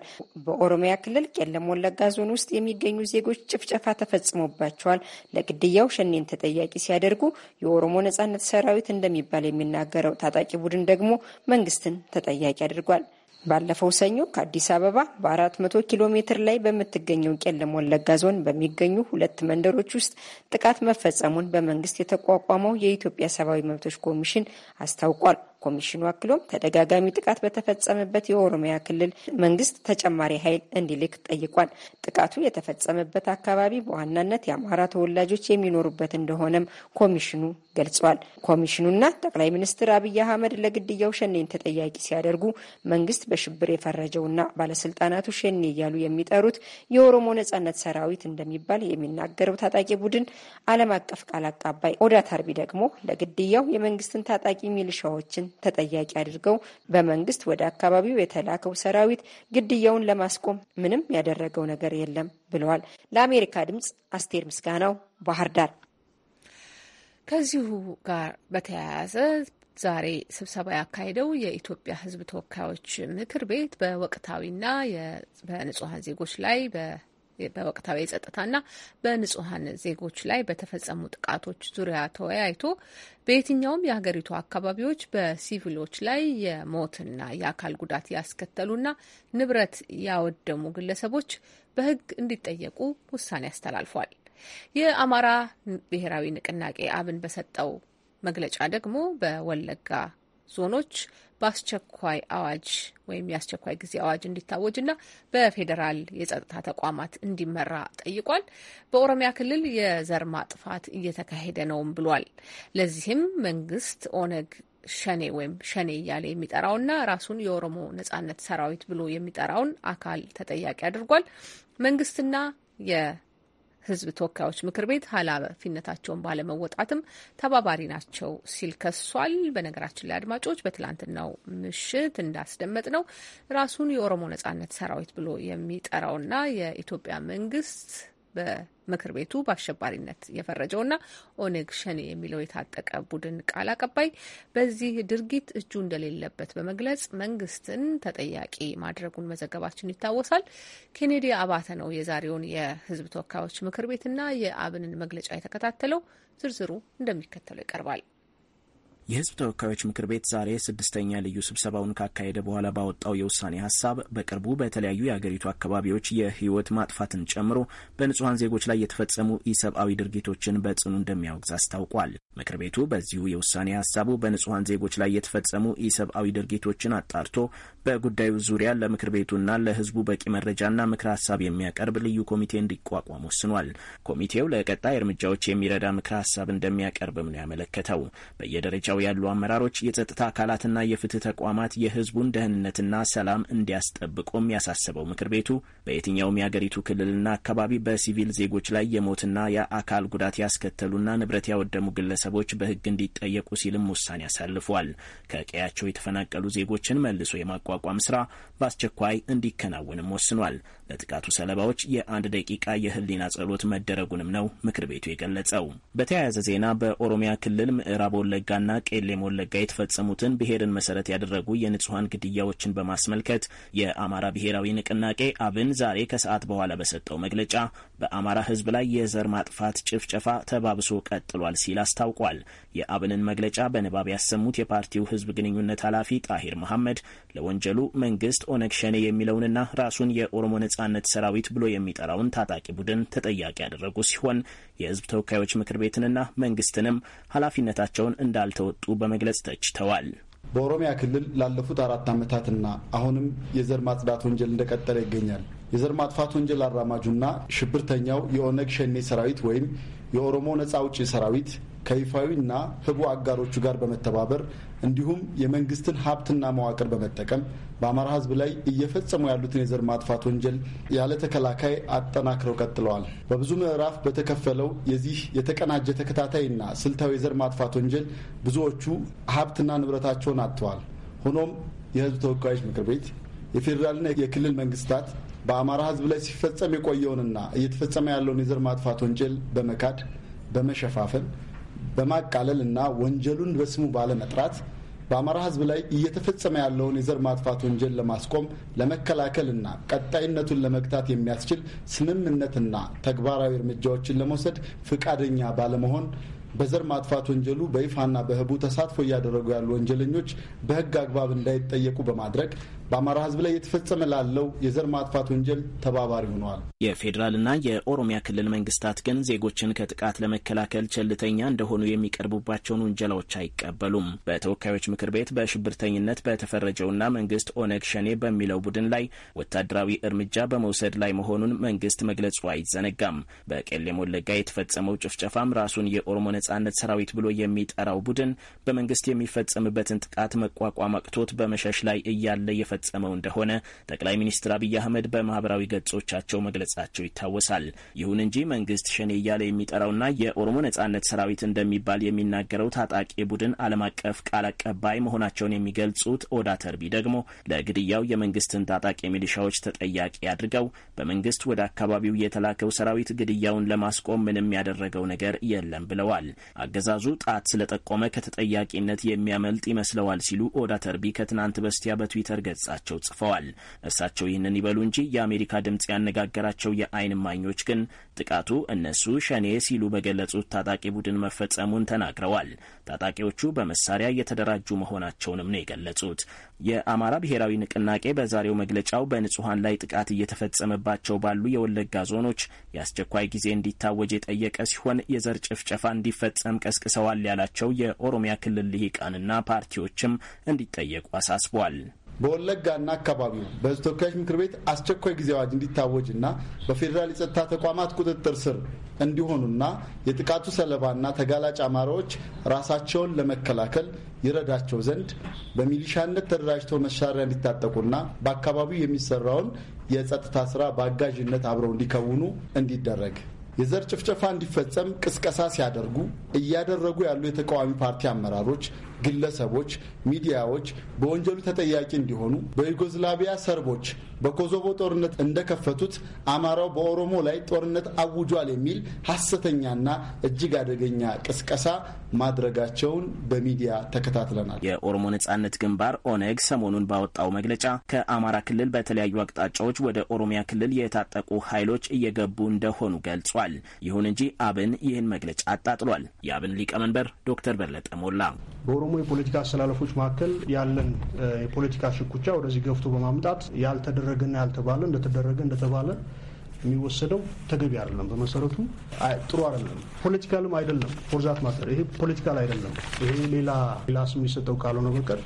በኦሮሚያ ክልል ቄለም ወለጋ ዞን ውስጥ የሚገኙ ዜጎች ጭፍጨፋ ተፈጽሞባቸዋል። ለግድያው ሸኔን ተጠያቂ ሲያደርጉ ሲጠይቁ የኦሮሞ ነጻነት ሰራዊት እንደሚባል የሚናገረው ታጣቂ ቡድን ደግሞ መንግስትን ተጠያቂ አድርጓል። ባለፈው ሰኞ ከአዲስ አበባ በ400 ኪሎ ሜትር ላይ በምትገኘው ቄለም ወለጋ ዞን በሚገኙ ሁለት መንደሮች ውስጥ ጥቃት መፈጸሙን በመንግስት የተቋቋመው የኢትዮጵያ ሰብአዊ መብቶች ኮሚሽን አስታውቋል። ኮሚሽኑ አክሎም ተደጋጋሚ ጥቃት በተፈጸመበት የኦሮሚያ ክልል መንግስት ተጨማሪ ኃይል እንዲልክ ጠይቋል። ጥቃቱ የተፈጸመበት አካባቢ በዋናነት የአማራ ተወላጆች የሚኖሩበት እንደሆነም ኮሚሽኑ ገልጿል። ኮሚሽኑና ጠቅላይ ሚኒስትር አብይ አህመድ ለግድያው ሸኔን ተጠያቂ ሲያደርጉ መንግስት በሽብር የፈረጀውና ባለስልጣናቱ ሸኔ እያሉ የሚጠሩት የኦሮሞ ነጻነት ሰራዊት እንደሚባል የሚናገረው ታጣቂ ቡድን ዓለም አቀፍ ቃል አቃባይ ኦዳ ታርቢ ደግሞ ለግድያው የመንግስትን ታጣቂ ሚልሻዎችን ተጠያቂ አድርገው በመንግስት ወደ አካባቢው የተላከው ሰራዊት ግድያውን ለማስቆም ምንም ያደረገው ነገር የለም ብለዋል። ለአሜሪካ ድምጽ አስቴር ምስጋናው ባህር ዳር። ከዚሁ ጋር በተያያዘ ዛሬ ስብሰባ ያካሄደው የኢትዮጵያ ሕዝብ ተወካዮች ምክር ቤት በወቅታዊና በንጹሐን ዜጎች ላይ በወቅታዊ ጸጥታና በንጹሐን ዜጎች ላይ በተፈጸሙ ጥቃቶች ዙሪያ ተወያይቶ በየትኛውም የሀገሪቱ አካባቢዎች በሲቪሎች ላይ የሞትና የአካል ጉዳት ያስከተሉና ንብረት ያወደሙ ግለሰቦች በሕግ እንዲጠየቁ ውሳኔ አስተላልፏል። የአማራ ብሔራዊ ንቅናቄ አብን በሰጠው መግለጫ ደግሞ በወለጋ ዞኖች በአስቸኳይ አዋጅ ወይም የአስቸኳይ ጊዜ አዋጅ እንዲታወጅና በፌዴራል የጸጥታ ተቋማት እንዲመራ ጠይቋል። በኦሮሚያ ክልል የዘር ማጥፋት እየተካሄደ ነውም ብሏል። ለዚህም መንግስት ኦነግ ሸኔ ወይም ሸኔ እያለ የሚጠራውና ራሱን የኦሮሞ ነጻነት ሰራዊት ብሎ የሚጠራውን አካል ተጠያቂ አድርጓል። መንግስትና ህዝብ ተወካዮች ምክር ቤት ኃላፊነታቸውን ባለመወጣትም ተባባሪ ናቸው ሲል ከሷል። በነገራችን ላይ አድማጮች በትላንትናው ምሽት እንዳስደመጥ ነው ራሱን የኦሮሞ ነጻነት ሰራዊት ብሎ የሚጠራውና የኢትዮጵያ መንግስት በምክር ቤቱ በአሸባሪነት የፈረጀውና ኦነግ ሸኔ የሚለው የታጠቀ ቡድን ቃል አቀባይ በዚህ ድርጊት እጁ እንደሌለበት በመግለጽ መንግስትን ተጠያቂ ማድረጉን መዘገባችን ይታወሳል። ኬኔዲ አባተ ነው የዛሬውን የህዝብ ተወካዮች ምክር ቤትና የአብንን መግለጫ የተከታተለው። ዝርዝሩ እንደሚከተለው ይቀርባል። የህዝብ ተወካዮች ምክር ቤት ዛሬ ስድስተኛ ልዩ ስብሰባውን ካካሄደ በኋላ ባወጣው የውሳኔ ሀሳብ በቅርቡ በተለያዩ የአገሪቱ አካባቢዎች የህይወት ማጥፋትን ጨምሮ በንጹሐን ዜጎች ላይ የተፈጸሙ ኢሰብአዊ ድርጊቶችን በጽኑ እንደሚያወግዝ አስታውቋል። ምክር ቤቱ በዚሁ የውሳኔ ሀሳቡ በንጹሐን ዜጎች ላይ የተፈጸሙ ኢሰብአዊ ድርጊቶችን አጣርቶ በጉዳዩ ዙሪያ ለምክር ቤቱና ለህዝቡ በቂ መረጃና ምክር ሀሳብ የሚያቀርብ ልዩ ኮሚቴ እንዲቋቋም ወስኗል። ኮሚቴው ለቀጣይ እርምጃዎች የሚረዳ ምክር ሀሳብ እንደሚያቀርብም ነው ያመለከተው። በየደረጃው በየደረጃው ያሉ አመራሮች፣ የጸጥታ አካላትና የፍትህ ተቋማት የህዝቡን ደህንነትና ሰላም እንዲያስጠብቁም ያሳሰበው ምክር ቤቱ በየትኛውም የአገሪቱ ክልልና አካባቢ በሲቪል ዜጎች ላይ የሞትና የአካል ጉዳት ያስከተሉና ንብረት ያወደሙ ግለሰቦች በህግ እንዲጠየቁ ሲልም ውሳኔ አሳልፏል። ከቀያቸው የተፈናቀሉ ዜጎችን መልሶ የማቋቋም ስራ በአስቸኳይ እንዲከናወንም ወስኗል። ለጥቃቱ ሰለባዎች የአንድ ደቂቃ የህሊና ጸሎት መደረጉንም ነው ምክር ቤቱ የገለጸው። በተያያዘ ዜና በኦሮሚያ ክልል ምዕራብ ወለጋና በቄሌም ወለጋ የተፈጸሙትን ብሔርን መሰረት ያደረጉ የንጹሐን ግድያዎችን በማስመልከት የአማራ ብሔራዊ ንቅናቄ አብን ዛሬ ከሰዓት በኋላ በሰጠው መግለጫ በአማራ ሕዝብ ላይ የዘር ማጥፋት ጭፍጨፋ ተባብሶ ቀጥሏል ሲል አስታውቋል። የአብንን መግለጫ በንባብ ያሰሙት የፓርቲው ሕዝብ ግንኙነት ኃላፊ ጣሂር መሐመድ ለወንጀሉ መንግስት ኦነግ ሸኔ የሚለውንና ራሱን የኦሮሞ ነጻነት ሰራዊት ብሎ የሚጠራውን ታጣቂ ቡድን ተጠያቂ ያደረጉ ሲሆን የህዝብ ተወካዮች ምክር ቤትንና መንግስትንም ኃላፊነታቸውን እንዳልተወጡ በመግለጽ ተችተዋል። በኦሮሚያ ክልል ላለፉት አራት ዓመታትና አሁንም የዘር ማጽዳት ወንጀል እንደቀጠለ ይገኛል። የዘር ማጥፋት ወንጀል አራማጁና ሽብርተኛው የኦነግ ሸኔ ሰራዊት ወይም የኦሮሞ ነጻ አውጪ ሰራዊት ከይፋዊና ህቡ አጋሮቹ ጋር በመተባበር እንዲሁም የመንግስትን ሀብትና መዋቅር በመጠቀም በአማራ ህዝብ ላይ እየፈጸሙ ያሉትን የዘር ማጥፋት ወንጀል ያለ ተከላካይ አጠናክረው ቀጥለዋል። በብዙ ምዕራፍ በተከፈለው የዚህ የተቀናጀ ተከታታይና ስልታዊ የዘር ማጥፋት ወንጀል ብዙዎቹ ሀብትና ንብረታቸውን አጥተዋል። ሆኖም የህዝብ ተወካዮች ምክር ቤት የፌዴራልና የክልል መንግስታት በአማራ ህዝብ ላይ ሲፈጸም የቆየውንና እየተፈጸመ ያለውን የዘር ማጥፋት ወንጀል በመካድ በመሸፋፈን በማቃለል እና ወንጀሉን በስሙ ባለመጥራት በአማራ ሕዝብ ላይ እየተፈጸመ ያለውን የዘር ማጥፋት ወንጀል ለማስቆም ለመከላከል እና ቀጣይነቱን ለመግታት የሚያስችል ስምምነትና ተግባራዊ እርምጃዎችን ለመውሰድ ፍቃደኛ ባለመሆን በዘር ማጥፋት ወንጀሉ በይፋና በህቡ ተሳትፎ እያደረጉ ያሉ ወንጀለኞች በህግ አግባብ እንዳይጠየቁ በማድረግ በአማራ ህዝብ ላይ እየተፈጸመ ላለው የዘር ማጥፋት ወንጀል ተባባሪ ሆነዋል። የፌዴራልና የኦሮሚያ ክልል መንግስታት ግን ዜጎችን ከጥቃት ለመከላከል ቸልተኛ እንደሆኑ የሚቀርቡባቸውን ውንጀላዎች አይቀበሉም። በተወካዮች ምክር ቤት በሽብርተኝነት በተፈረጀውና መንግስት ኦነግ ሸኔ በሚለው ቡድን ላይ ወታደራዊ እርምጃ በመውሰድ ላይ መሆኑን መንግስት መግለጹ አይዘነጋም። በቄለም ሞለጋ የተፈጸመው ጭፍጨፋም ራሱን የኦሮሞ ነጻነት ሰራዊት ብሎ የሚጠራው ቡድን በመንግስት የሚፈጸምበትን ጥቃት መቋቋም አቅቶት በመሸሽ ላይ እያለ የተፈጸመው እንደሆነ ጠቅላይ ሚኒስትር አብይ አህመድ በማህበራዊ ገጾቻቸው መግለጻቸው ይታወሳል። ይሁን እንጂ መንግስት ሸኔ እያለ የሚጠራውና የኦሮሞ ነጻነት ሰራዊት እንደሚባል የሚናገረው ታጣቂ ቡድን ዓለም አቀፍ ቃል አቀባይ መሆናቸውን የሚገልጹት ኦዳ ተርቢ ደግሞ ለግድያው የመንግስትን ታጣቂ ሚሊሻዎች ተጠያቂ አድርገው በመንግስት ወደ አካባቢው የተላከው ሰራዊት ግድያውን ለማስቆም ምንም ያደረገው ነገር የለም ብለዋል። አገዛዙ ጣት ስለጠቆመ ከተጠያቂነት የሚያመልጥ ይመስለዋል ሲሉ ኦዳ ተርቢ ከትናንት በስቲያ በትዊተር ገጻ ገጻቸው ጽፈዋል። እርሳቸው ይህንን ይበሉ እንጂ የአሜሪካ ድምፅ ያነጋገራቸው የአይን ማኞች ግን ጥቃቱ እነሱ ሸኔ ሲሉ በገለጹት ታጣቂ ቡድን መፈጸሙን ተናግረዋል። ታጣቂዎቹ በመሳሪያ እየተደራጁ መሆናቸውንም ነው የገለጹት። የአማራ ብሔራዊ ንቅናቄ በዛሬው መግለጫው በንጹሐን ላይ ጥቃት እየተፈጸመባቸው ባሉ የወለጋ ዞኖች የአስቸኳይ ጊዜ እንዲታወጅ የጠየቀ ሲሆን የዘር ጭፍጨፋ እንዲፈጸም ቀስቅሰዋል ያላቸው የኦሮሚያ ክልል ልሂቃንና ፓርቲዎችም እንዲጠየቁ አሳስቧል። በወለጋና አካባቢው በህዝብ ተወካዮች ምክር ቤት አስቸኳይ ጊዜ አዋጅ እንዲታወጅና በፌዴራል የጸጥታ ተቋማት ቁጥጥር ስር እንዲሆኑና የጥቃቱ ሰለባና ተጋላጭ አማራዎች ራሳቸውን ለመከላከል ይረዳቸው ዘንድ በሚሊሻነት ተደራጅተው መሳሪያ እንዲታጠቁና በአካባቢው የሚሰራውን የጸጥታ ስራ በአጋዥነት አብረው እንዲከውኑ እንዲደረግ የዘር ጭፍጨፋ እንዲፈጸም ቅስቀሳ ሲያደርጉ እያደረጉ ያሉ የተቃዋሚ ፓርቲ አመራሮች ግለሰቦች፣ ሚዲያዎች በወንጀሉ ተጠያቂ እንዲሆኑ በዩጎዝላቪያ ሰርቦች በኮሶቮ ጦርነት እንደከፈቱት አማራው በኦሮሞ ላይ ጦርነት አውጇል የሚል ሀሰተኛና እጅግ አደገኛ ቅስቀሳ ማድረጋቸውን በሚዲያ ተከታትለናል። የኦሮሞ ነጻነት ግንባር ኦነግ ሰሞኑን ባወጣው መግለጫ ከአማራ ክልል በተለያዩ አቅጣጫዎች ወደ ኦሮሚያ ክልል የታጠቁ ኃይሎች እየገቡ እንደሆኑ ገልጿል። ይሁን እንጂ አብን ይህን መግለጫ አጣጥሏል። የአብን ሊቀመንበር ዶክተር በለጠ ሞላ በኦሮሞ የፖለቲካ አሰላለፎች መካከል ያለን የፖለቲካ ሽኩቻ ወደዚህ ገፍቶ በማምጣት ያልተደረ ተደረገና ያልተባለ እንደተደረገ እንደተባለ የሚወሰደው ተገቢ አይደለም። በመሰረቱ ጥሩ አይደለም። ፖለቲካልም አይደለም። ፎርዛት ማተር ይሄ ፖለቲካል አይደለም። ይሄ ሌላ ሌላ ስም የሚሰጠው ካልሆነ በቀር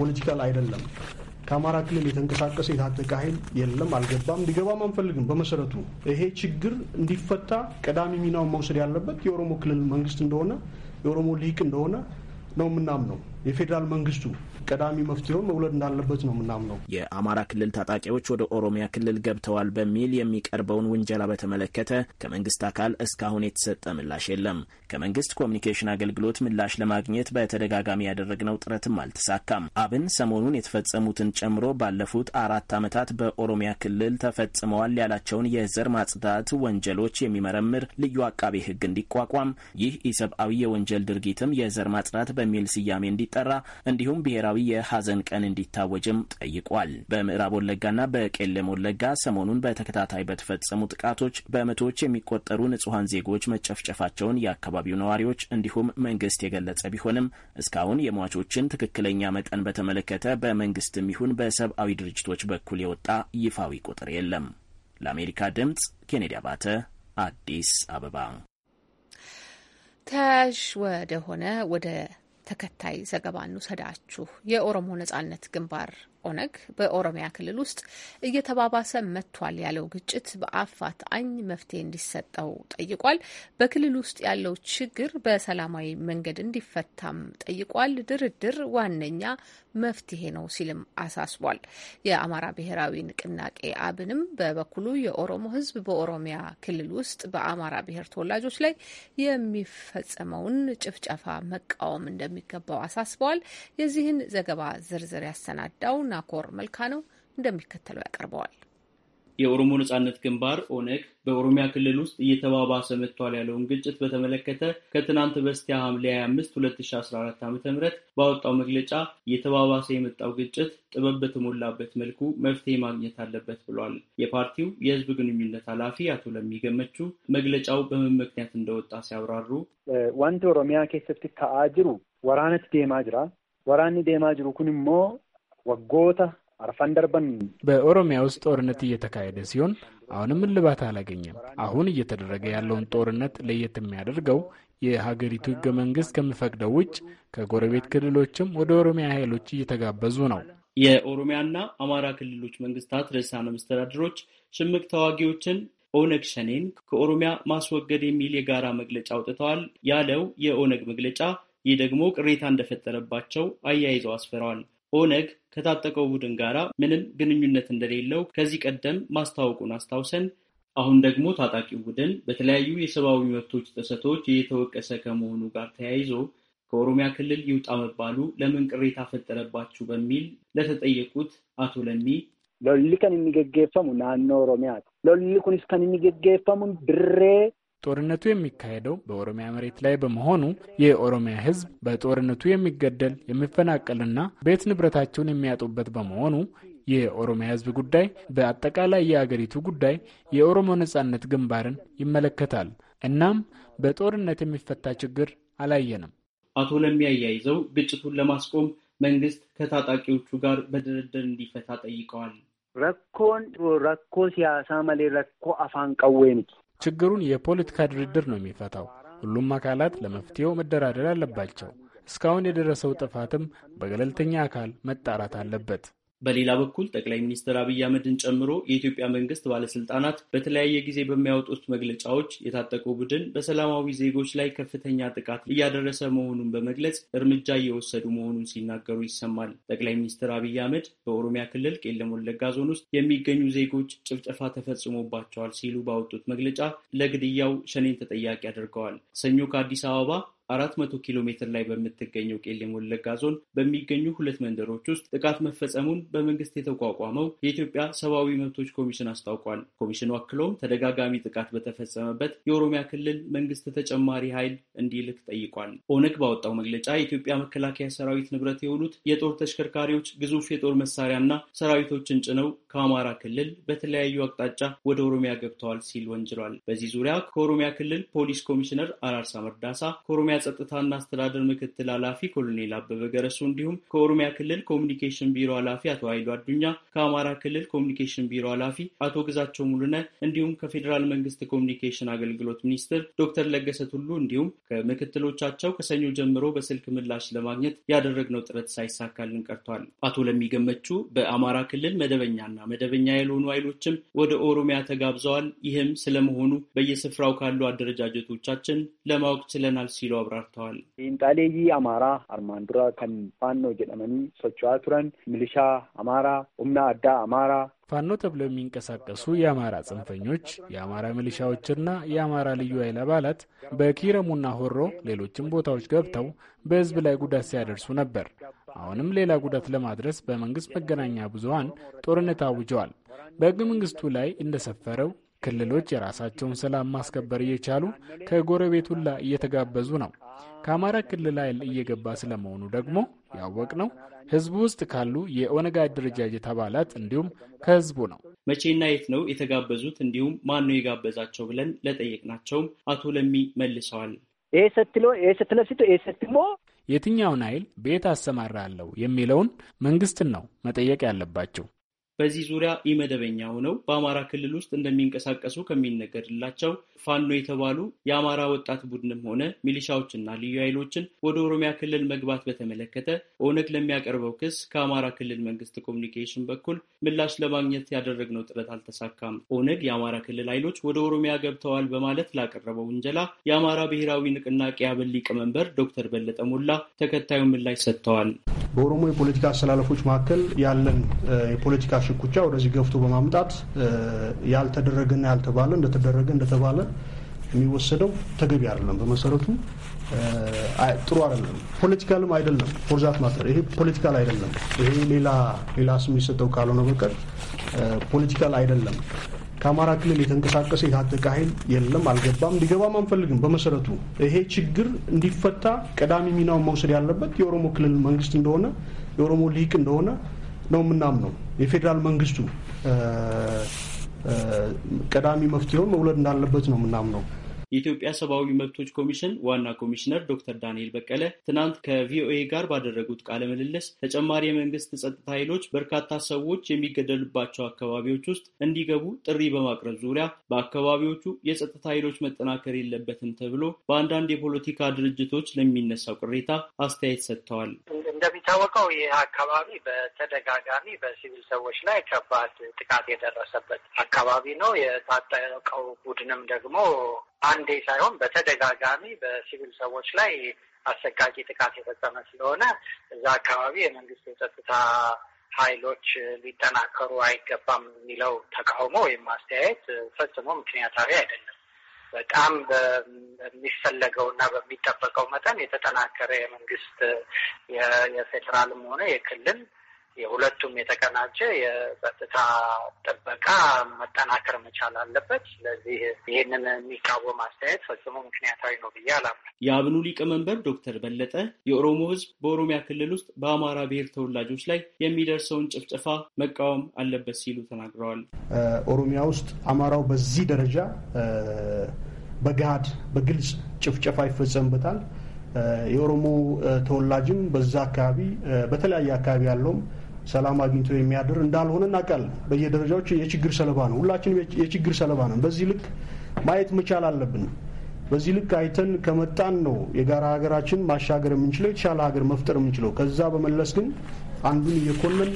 ፖለቲካል አይደለም። ከአማራ ክልል የተንቀሳቀሰ የታጠቀ ኃይል የለም፣ አልገባም፣ እንዲገባም አንፈልግም። በመሰረቱ ይሄ ችግር እንዲፈታ ቀዳሚ ሚናውን መውሰድ ያለበት የኦሮሞ ክልል መንግስት እንደሆነ የኦሮሞ ሊቅ እንደሆነ ነው የምናምነው የፌዴራል መንግስቱ ቀዳሚ መፍትሄውን መውለድ እንዳለበት ነው የምናምነው። የአማራ ክልል ታጣቂዎች ወደ ኦሮሚያ ክልል ገብተዋል በሚል የሚቀርበውን ውንጀላ በተመለከተ ከመንግስት አካል እስካሁን የተሰጠ ምላሽ የለም። ከመንግስት ኮሚኒኬሽን አገልግሎት ምላሽ ለማግኘት በተደጋጋሚ ያደረግነው ጥረትም አልተሳካም። አብን ሰሞኑን የተፈጸሙትን ጨምሮ ባለፉት አራት ዓመታት በኦሮሚያ ክልል ተፈጽመዋል ያላቸውን የዘር ማጽዳት ወንጀሎች የሚመረምር ልዩ አቃቤ ሕግ እንዲቋቋም ይህ ኢሰብአዊ የወንጀል ድርጊትም የዘር ማጽዳት በሚል ስያሜ እንዲጠራ እንዲሁም ብሔራዊ የሐዘን ቀን እንዲታወጅም ጠይቋል። በምዕራብ ወለጋና በቄለም ወለጋ ሰሞኑን በተከታታይ በተፈጸሙ ጥቃቶች በመቶዎች የሚቆጠሩ ንጹሐን ዜጎች መጨፍጨፋቸውን የአካባቢው ነዋሪዎች እንዲሁም መንግስት የገለጸ ቢሆንም እስካሁን የሟቾችን ትክክለኛ መጠን በተመለከተ በመንግስትም ይሁን በሰብአዊ ድርጅቶች በኩል የወጣ ይፋዊ ቁጥር የለም። ለአሜሪካ ድምጽ ኬኔዲ አባተ አዲስ አበባ። ተሽ ወደ ሆነ ወደ ተከታይ ዘገባ እንውሰዳችሁ። የኦሮሞ ነጻነት ግንባር ኦነግ በኦሮሚያ ክልል ውስጥ እየተባባሰ መጥቷል ያለው ግጭት በአፋጣኝ መፍትሄ እንዲሰጠው ጠይቋል። በክልል ውስጥ ያለው ችግር በሰላማዊ መንገድ እንዲፈታም ጠይቋል። ድርድር ዋነኛ መፍትሄ ነው ሲልም አሳስቧል። የአማራ ብሔራዊ ንቅናቄ አብንም በበኩሉ የኦሮሞ ህዝብ በኦሮሚያ ክልል ውስጥ በአማራ ብሔር ተወላጆች ላይ የሚፈጸመውን ጭፍጨፋ መቃወም እንደሚገባው አሳስበዋል። የዚህን ዘገባ ዝርዝር ያሰናዳው ናኮር መልካ ነው፣ እንደሚከተለው ያቀርበዋል። የኦሮሞ ነጻነት ግንባር ኦነግ በኦሮሚያ ክልል ውስጥ እየተባባሰ መጥቷል ያለውን ግጭት በተመለከተ ከትናንት በስቲያ ሐምሌ 25 2014 ዓ ም ባወጣው መግለጫ እየተባባሰ የመጣው ግጭት ጥበብ በተሞላበት መልኩ መፍትሄ ማግኘት አለበት ብሏል። የፓርቲው የህዝብ ግንኙነት ኃላፊ አቶ ለሚገመቹ መግለጫው በምን ምክንያት እንደወጣ ሲያብራሩ ዋንቲ ኦሮሚያ ኬሰብት ከአጅሩ ወራነት ዴማ ጅራ ወራኒ ዴማ ጅሩ ኩን ሞ ወጎታ አርፋን ደርበን በኦሮሚያ ውስጥ ጦርነት እየተካሄደ ሲሆን አሁንም እልባት አላገኘም። አሁን እየተደረገ ያለውን ጦርነት ለየት የሚያደርገው የሀገሪቱ ህገ መንግስት ከሚፈቅደው ውጭ ከጎረቤት ክልሎችም ወደ ኦሮሚያ ኃይሎች እየተጋበዙ ነው። የኦሮሚያና አማራ ክልሎች መንግስታት ርዕሳነ መስተዳድሮች ሽምቅ ተዋጊዎችን ኦነግ ሸኔን ከኦሮሚያ ማስወገድ የሚል የጋራ መግለጫ አውጥተዋል ያለው የኦነግ መግለጫ፣ ይህ ደግሞ ቅሬታ እንደፈጠረባቸው አያይዘው አስፍረዋል። ኦነግ ከታጠቀው ቡድን ጋራ ምንም ግንኙነት እንደሌለው ከዚህ ቀደም ማስታወቁን አስታውሰን አሁን ደግሞ ታጣቂው ቡድን በተለያዩ የሰብአዊ መብቶች ጥሰቶች እየተወቀሰ ከመሆኑ ጋር ተያይዞ ከኦሮሚያ ክልል ይውጣ መባሉ ለምን ቅሬታ ፈጠረባችሁ በሚል ለተጠየቁት አቶ ለሚ ሎሊ ከን የሚገገፈሙ ናኖ ኦሮሚያ ሎሊ ኩንስ ከን የሚገገፈሙን ድሬ ጦርነቱ የሚካሄደው በኦሮሚያ መሬት ላይ በመሆኑ የኦሮሚያ ሕዝብ በጦርነቱ የሚገደል የሚፈናቀልና ቤት ንብረታቸውን የሚያጡበት በመሆኑ የኦሮሚያ ሕዝብ ጉዳይ በአጠቃላይ የአገሪቱ ጉዳይ የኦሮሞ ነጻነት ግንባርን ይመለከታል። እናም በጦርነት የሚፈታ ችግር አላየንም። አቶ ለሚ ግጭቱን ለማስቆም መንግስት ከታጣቂዎቹ ጋር በድርድር እንዲፈታ ጠይቀዋል። ረኮን ረኮ ሲያሳ መሌ ረኮ አፋን ቀዌ ችግሩን የፖለቲካ ድርድር ነው የሚፈታው። ሁሉም አካላት ለመፍትሄው መደራደር አለባቸው። እስካሁን የደረሰው ጥፋትም በገለልተኛ አካል መጣራት አለበት። በሌላ በኩል ጠቅላይ ሚኒስትር አብይ አህመድን ጨምሮ የኢትዮጵያ መንግስት ባለስልጣናት በተለያየ ጊዜ በሚያወጡት መግለጫዎች የታጠቀው ቡድን በሰላማዊ ዜጎች ላይ ከፍተኛ ጥቃት እያደረሰ መሆኑን በመግለጽ እርምጃ እየወሰዱ መሆኑን ሲናገሩ ይሰማል። ጠቅላይ ሚኒስትር አብይ አህመድ በኦሮሚያ ክልል ቄለም ወለጋ ዞን ውስጥ የሚገኙ ዜጎች ጭፍጨፋ ተፈጽሞባቸዋል ሲሉ ባወጡት መግለጫ ለግድያው ሸኔን ተጠያቂ አድርገዋል። ሰኞ ከአዲስ አበባ አራት መቶ ኪሎ ሜትር ላይ በምትገኘው ቄለም ወለጋ ዞን በሚገኙ ሁለት መንደሮች ውስጥ ጥቃት መፈጸሙን በመንግስት የተቋቋመው የኢትዮጵያ ሰብአዊ መብቶች ኮሚሽን አስታውቋል። ኮሚሽኑ አክለውም ተደጋጋሚ ጥቃት በተፈጸመበት የኦሮሚያ ክልል መንግስት ተጨማሪ ኃይል እንዲልክ ጠይቋል። ኦነግ ባወጣው መግለጫ የኢትዮጵያ መከላከያ ሰራዊት ንብረት የሆኑት የጦር ተሽከርካሪዎች ግዙፍ የጦር መሳሪያና ሰራዊቶችን ጭነው ከአማራ ክልል በተለያዩ አቅጣጫ ወደ ኦሮሚያ ገብተዋል ሲል ወንጅሏል። በዚህ ዙሪያ ከኦሮሚያ ክልል ፖሊስ ኮሚሽነር አራርሳ መርዳሳ ከኦሮሚያ የኦሮሚያ ጸጥታና አስተዳደር ምክትል ኃላፊ ኮሎኔል አበበ ገረሱ እንዲሁም ከኦሮሚያ ክልል ኮሚኒኬሽን ቢሮ ኃላፊ አቶ ኃይሉ አዱኛ፣ ከአማራ ክልል ኮሚኒኬሽን ቢሮ ኃላፊ አቶ ግዛቸው ሙሉነ እንዲሁም ከፌዴራል መንግስት ኮሚኒኬሽን አገልግሎት ሚኒስትር ዶክተር ለገሰ ቱሉ እንዲሁም ከምክትሎቻቸው ከሰኞ ጀምሮ በስልክ ምላሽ ለማግኘት ያደረግነው ጥረት ሳይሳካልን ቀርቷል። አቶ ለሚገመቹ በአማራ ክልል መደበኛና መደበኛ ያልሆኑ ኃይሎችም ወደ ኦሮሚያ ተጋብዘዋል። ይህም ስለመሆኑ በየስፍራው ካሉ አደረጃጀቶቻችን ለማወቅ ችለናል ሲሉ አብራርተዋል። ሂንጣሌይ አማራ አርማን ዱራ ከን ፋኖ ጀጠመኒ ሶቹዋ ቱረን ሚሊሻ አማራ ኡምና አዳ አማራ ፋኖ ተብለው የሚንቀሳቀሱ የአማራ ጽንፈኞች፣ የአማራ ሚሊሻዎችና የአማራ ልዩ ኃይል አባላት በኪረሙና ሆሮ ሌሎችም ቦታዎች ገብተው በህዝብ ላይ ጉዳት ሲያደርሱ ነበር። አሁንም ሌላ ጉዳት ለማድረስ በመንግስት መገናኛ ብዙሀን ጦርነት አውጀዋል። በህገ መንግስቱ ላይ እንደሰፈረው ክልሎች የራሳቸውን ሰላም ማስከበር እየቻሉ ከጎረቤት ሁላ እየተጋበዙ ነው። ከአማራ ክልል ኃይል እየገባ ስለመሆኑ ደግሞ ያወቅ ነው ህዝቡ ውስጥ ካሉ የኦነግ አደረጃጀት አባላት እንዲሁም ከህዝቡ ነው። መቼና የት ነው የተጋበዙት? እንዲሁም ማን ነው የጋበዛቸው ብለን ለጠየቅናቸውም አቶ ለሚ መልሰዋል። የትኛውን ኃይል ቤት አሰማራለሁ የሚለውን መንግስትን ነው መጠየቅ ያለባቸው። በዚህ ዙሪያ ኢመደበኛ ሆነው በአማራ ክልል ውስጥ እንደሚንቀሳቀሱ ከሚነገርላቸው ፋኖ የተባሉ የአማራ ወጣት ቡድንም ሆነ ሚሊሻዎችና ልዩ ኃይሎችን ወደ ኦሮሚያ ክልል መግባት በተመለከተ ኦነግ ለሚያቀርበው ክስ ከአማራ ክልል መንግስት ኮሚኒኬሽን በኩል ምላሽ ለማግኘት ያደረግነው ጥረት አልተሳካም። ኦነግ የአማራ ክልል ኃይሎች ወደ ኦሮሚያ ገብተዋል በማለት ላቀረበው ውንጀላ የአማራ ብሔራዊ ንቅናቄ አብን ሊቀመንበር ዶክተር በለጠ ሞላ ተከታዩን ምላሽ ሰጥተዋል። በኦሮሞ የፖለቲካ አስተላለፎች መካከል ያለን የፖለቲካ ሽኩቻ ወደዚህ ገፍቶ በማምጣት ያልተደረገና ያልተባለ እንደተደረገ እንደተባለ የሚወሰደው ተገቢ አይደለም። በመሰረቱ ጥሩ አይደለም። ፖለቲካልም አይደለም። ፎርዛት ማተር ይሄ ፖለቲካል አይደለም። ይሄ ሌላ ሌላ ስም የሚሰጠው ካልሆነ በቀር ፖለቲካል አይደለም። ከአማራ ክልል የተንቀሳቀሰ የታጠቀ ኃይል የለም፣ አልገባም፣ እንዲገባም አንፈልግም። በመሰረቱ ይሄ ችግር እንዲፈታ ቀዳሚ ሚናውን መውሰድ ያለበት የኦሮሞ ክልል መንግስት እንደሆነ የኦሮሞ ሊቅ እንደሆነ ነው የምናምነው። የፌዴራል መንግስቱ ቀዳሚ መፍትሄውን መውለድ እንዳለበት ነው የምናምነው። የኢትዮጵያ ሰብአዊ መብቶች ኮሚሽን ዋና ኮሚሽነር ዶክተር ዳንኤል በቀለ ትናንት ከቪኦኤ ጋር ባደረጉት ቃለ ምልልስ ተጨማሪ የመንግስት ጸጥታ ኃይሎች በርካታ ሰዎች የሚገደሉባቸው አካባቢዎች ውስጥ እንዲገቡ ጥሪ በማቅረብ ዙሪያ በአካባቢዎቹ የጸጥታ ኃይሎች መጠናከር የለበትም ተብሎ በአንዳንድ የፖለቲካ ድርጅቶች ለሚነሳው ቅሬታ አስተያየት ሰጥተዋል። እንደሚታወቀው ይህ አካባቢ በተደጋጋሚ በሲቪል ሰዎች ላይ ከባድ ጥቃት የደረሰበት አካባቢ ነው። የታጠቀው ቡድንም ደግሞ አንዴ ሳይሆን በተደጋጋሚ በሲቪል ሰዎች ላይ አሰቃቂ ጥቃት የፈጸመ ስለሆነ እዛ አካባቢ የመንግስት የጸጥታ ኃይሎች ሊጠናከሩ አይገባም የሚለው ተቃውሞ ወይም አስተያየት ፈጽሞ ምክንያታዊ አይደለም። በጣም በሚፈለገው እና በሚጠበቀው መጠን የተጠናከረ የመንግስት የፌዴራልም ሆነ የክልል የሁለቱም የተቀናጀ የጸጥታ ጥበቃ መጠናከር መቻል አለበት። ስለዚህ ይህንን የሚቃወም አስተያየት ፈጽሞ ምክንያታዊ ነው ብዬ አላምንም። የአብኑ ሊቀመንበር ዶክተር በለጠ የኦሮሞ ሕዝብ በኦሮሚያ ክልል ውስጥ በአማራ ብሔር ተወላጆች ላይ የሚደርሰውን ጭፍጨፋ መቃወም አለበት ሲሉ ተናግረዋል። ኦሮሚያ ውስጥ አማራው በዚህ ደረጃ በገሃድ በግልጽ ጭፍጨፋ ይፈጸምበታል። የኦሮሞ ተወላጅም በዛ አካባቢ በተለያየ አካባቢ ያለውም ሰላም አግኝቶ የሚያድር እንዳልሆነ እናውቃለን። በየደረጃዎች የችግር ሰለባ ነው። ሁላችንም የችግር ሰለባ ነው። በዚህ ልክ ማየት መቻል አለብን። በዚህ ልክ አይተን ከመጣን ነው የጋራ ሀገራችን ማሻገር የምንችለው የተሻለ ሀገር መፍጠር የምንችለው። ከዛ በመለስ ግን አንዱን እየኮነን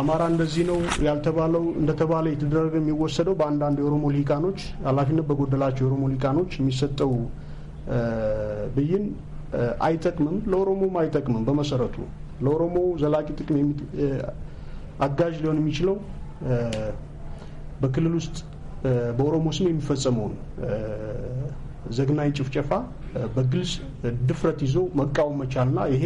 አማራ እንደዚህ ነው ያልተባለው እንደተባለ የተደረገ የሚወሰደው በአንዳንድ የኦሮሞ ሊቃኖች ኃላፊነት በጎደላቸው የኦሮሞ ሊቃኖች የሚሰጠው ብይን አይጠቅምም፣ ለኦሮሞም አይጠቅምም። በመሰረቱ ለኦሮሞ ዘላቂ ጥቅም አጋዥ ሊሆን የሚችለው በክልል ውስጥ በኦሮሞ ስም የሚፈጸመውን ዘግናኝ ጭፍጨፋ በግልጽ ድፍረት ይዞ መቃወም መቻልና ይሄ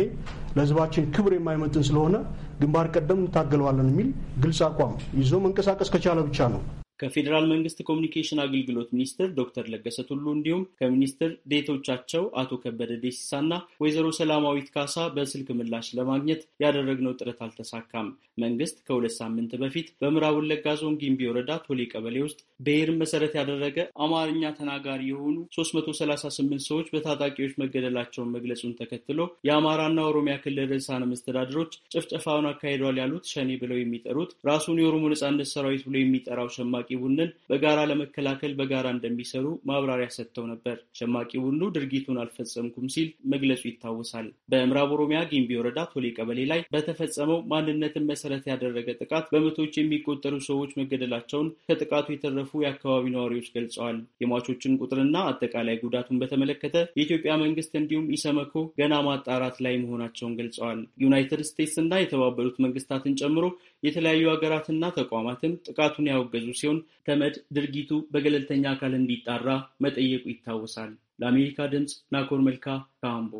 ለሕዝባችን ክብር የማይመጥን ስለሆነ ግንባር ቀደም እንታገለዋለን የሚል ግልጽ አቋም ይዞ መንቀሳቀስ ከቻለ ብቻ ነው። ከፌዴራል መንግስት ኮሚኒኬሽን አገልግሎት ሚኒስትር ዶክተር ለገሰ ቱሉ እንዲሁም ከሚኒስትር ዴቶቻቸው አቶ ከበደ ደሲሳና ወይዘሮ ሰላማዊት ካሳ በስልክ ምላሽ ለማግኘት ያደረግነው ጥረት አልተሳካም። መንግስት ከሁለት ሳምንት በፊት በምዕራብ ወለጋ ዞን ጊምቢ ወረዳ ቶሌ ቀበሌ ውስጥ ብሔር መሰረት ያደረገ አማርኛ ተናጋሪ የሆኑ 338 ሰዎች በታጣቂዎች መገደላቸውን መግለጹን ተከትሎ የአማራና ኦሮሚያ ክልል ርዕሳነ መስተዳድሮች ጭፍጨፋውን አካሂዷል ያሉት ሸኔ ብለው የሚጠሩት ራሱን የኦሮሞ ነጻነት ሰራዊት ብሎ የሚጠራው ሸማ ሸማቂ ቡድንን በጋራ ለመከላከል በጋራ እንደሚሰሩ ማብራሪያ ሰጥተው ነበር። ሸማቂ ቡድኑ ድርጊቱን አልፈጸምኩም ሲል መግለጹ ይታወሳል። በምዕራብ ኦሮሚያ ጊምቢ ወረዳ ቶሌ ቀበሌ ላይ በተፈጸመው ማንነትን መሰረት ያደረገ ጥቃት በመቶዎች የሚቆጠሩ ሰዎች መገደላቸውን ከጥቃቱ የተረፉ የአካባቢ ነዋሪዎች ገልጸዋል። የሟቾችን ቁጥርና አጠቃላይ ጉዳቱን በተመለከተ የኢትዮጵያ መንግስት እንዲሁም ኢሰመኮ ገና ማጣራት ላይ መሆናቸውን ገልጸዋል። ዩናይትድ ስቴትስ እና የተባበሩት መንግስታትን ጨምሮ የተለያዩ ሀገራትና ተቋማትም ጥቃቱን ያወገዙ ሲሆን ተመድ ድርጊቱ በገለልተኛ አካል እንዲጣራ መጠየቁ ይታወሳል። ለአሜሪካ ድምፅ ናኮር መልካ ካምቦ።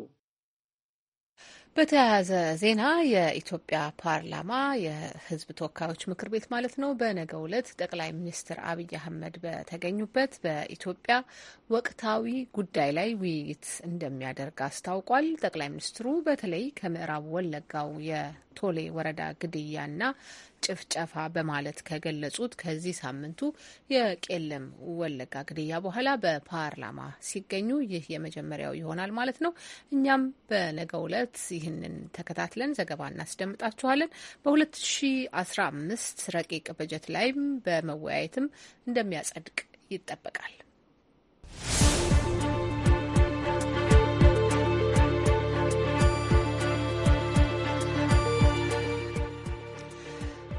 በተያያዘ ዜና የኢትዮጵያ ፓርላማ የሕዝብ ተወካዮች ምክር ቤት ማለት ነው በነገው ዕለት ጠቅላይ ሚኒስትር አብይ አህመድ በተገኙበት በኢትዮጵያ ወቅታዊ ጉዳይ ላይ ውይይት እንደሚያደርግ አስታውቋል። ጠቅላይ ሚኒስትሩ በተለይ ከምዕራብ ወለጋው ቶሌ ወረዳ ግድያና ጭፍጨፋ በማለት ከገለጹት ከዚህ ሳምንቱ የቄለም ወለጋ ግድያ በኋላ በፓርላማ ሲገኙ ይህ የመጀመሪያው ይሆናል ማለት ነው። እኛም በነገ ዕለት ይህንን ተከታትለን ዘገባ እናስደምጣችኋለን። በ2015 ረቂቅ በጀት ላይም በመወያየትም እንደሚያጸድቅ ይጠበቃል።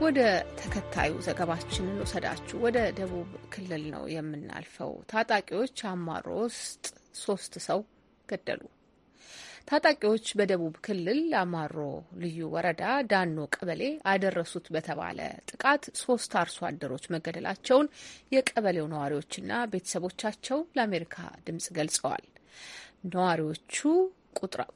ወደ ተከታዩ ዘገባችን እንውሰዳችሁ። ወደ ደቡብ ክልል ነው የምናልፈው። ታጣቂዎች አማሮ ውስጥ ሶስት ሰው ገደሉ። ታጣቂዎች በደቡብ ክልል አማሮ ልዩ ወረዳ ዳኖ ቀበሌ አደረሱት በተባለ ጥቃት ሶስት አርሶ አደሮች መገደላቸውን የቀበሌው ነዋሪዎችና ቤተሰቦቻቸው ለአሜሪካ ድምጽ ገልጸዋል። ነዋሪዎቹ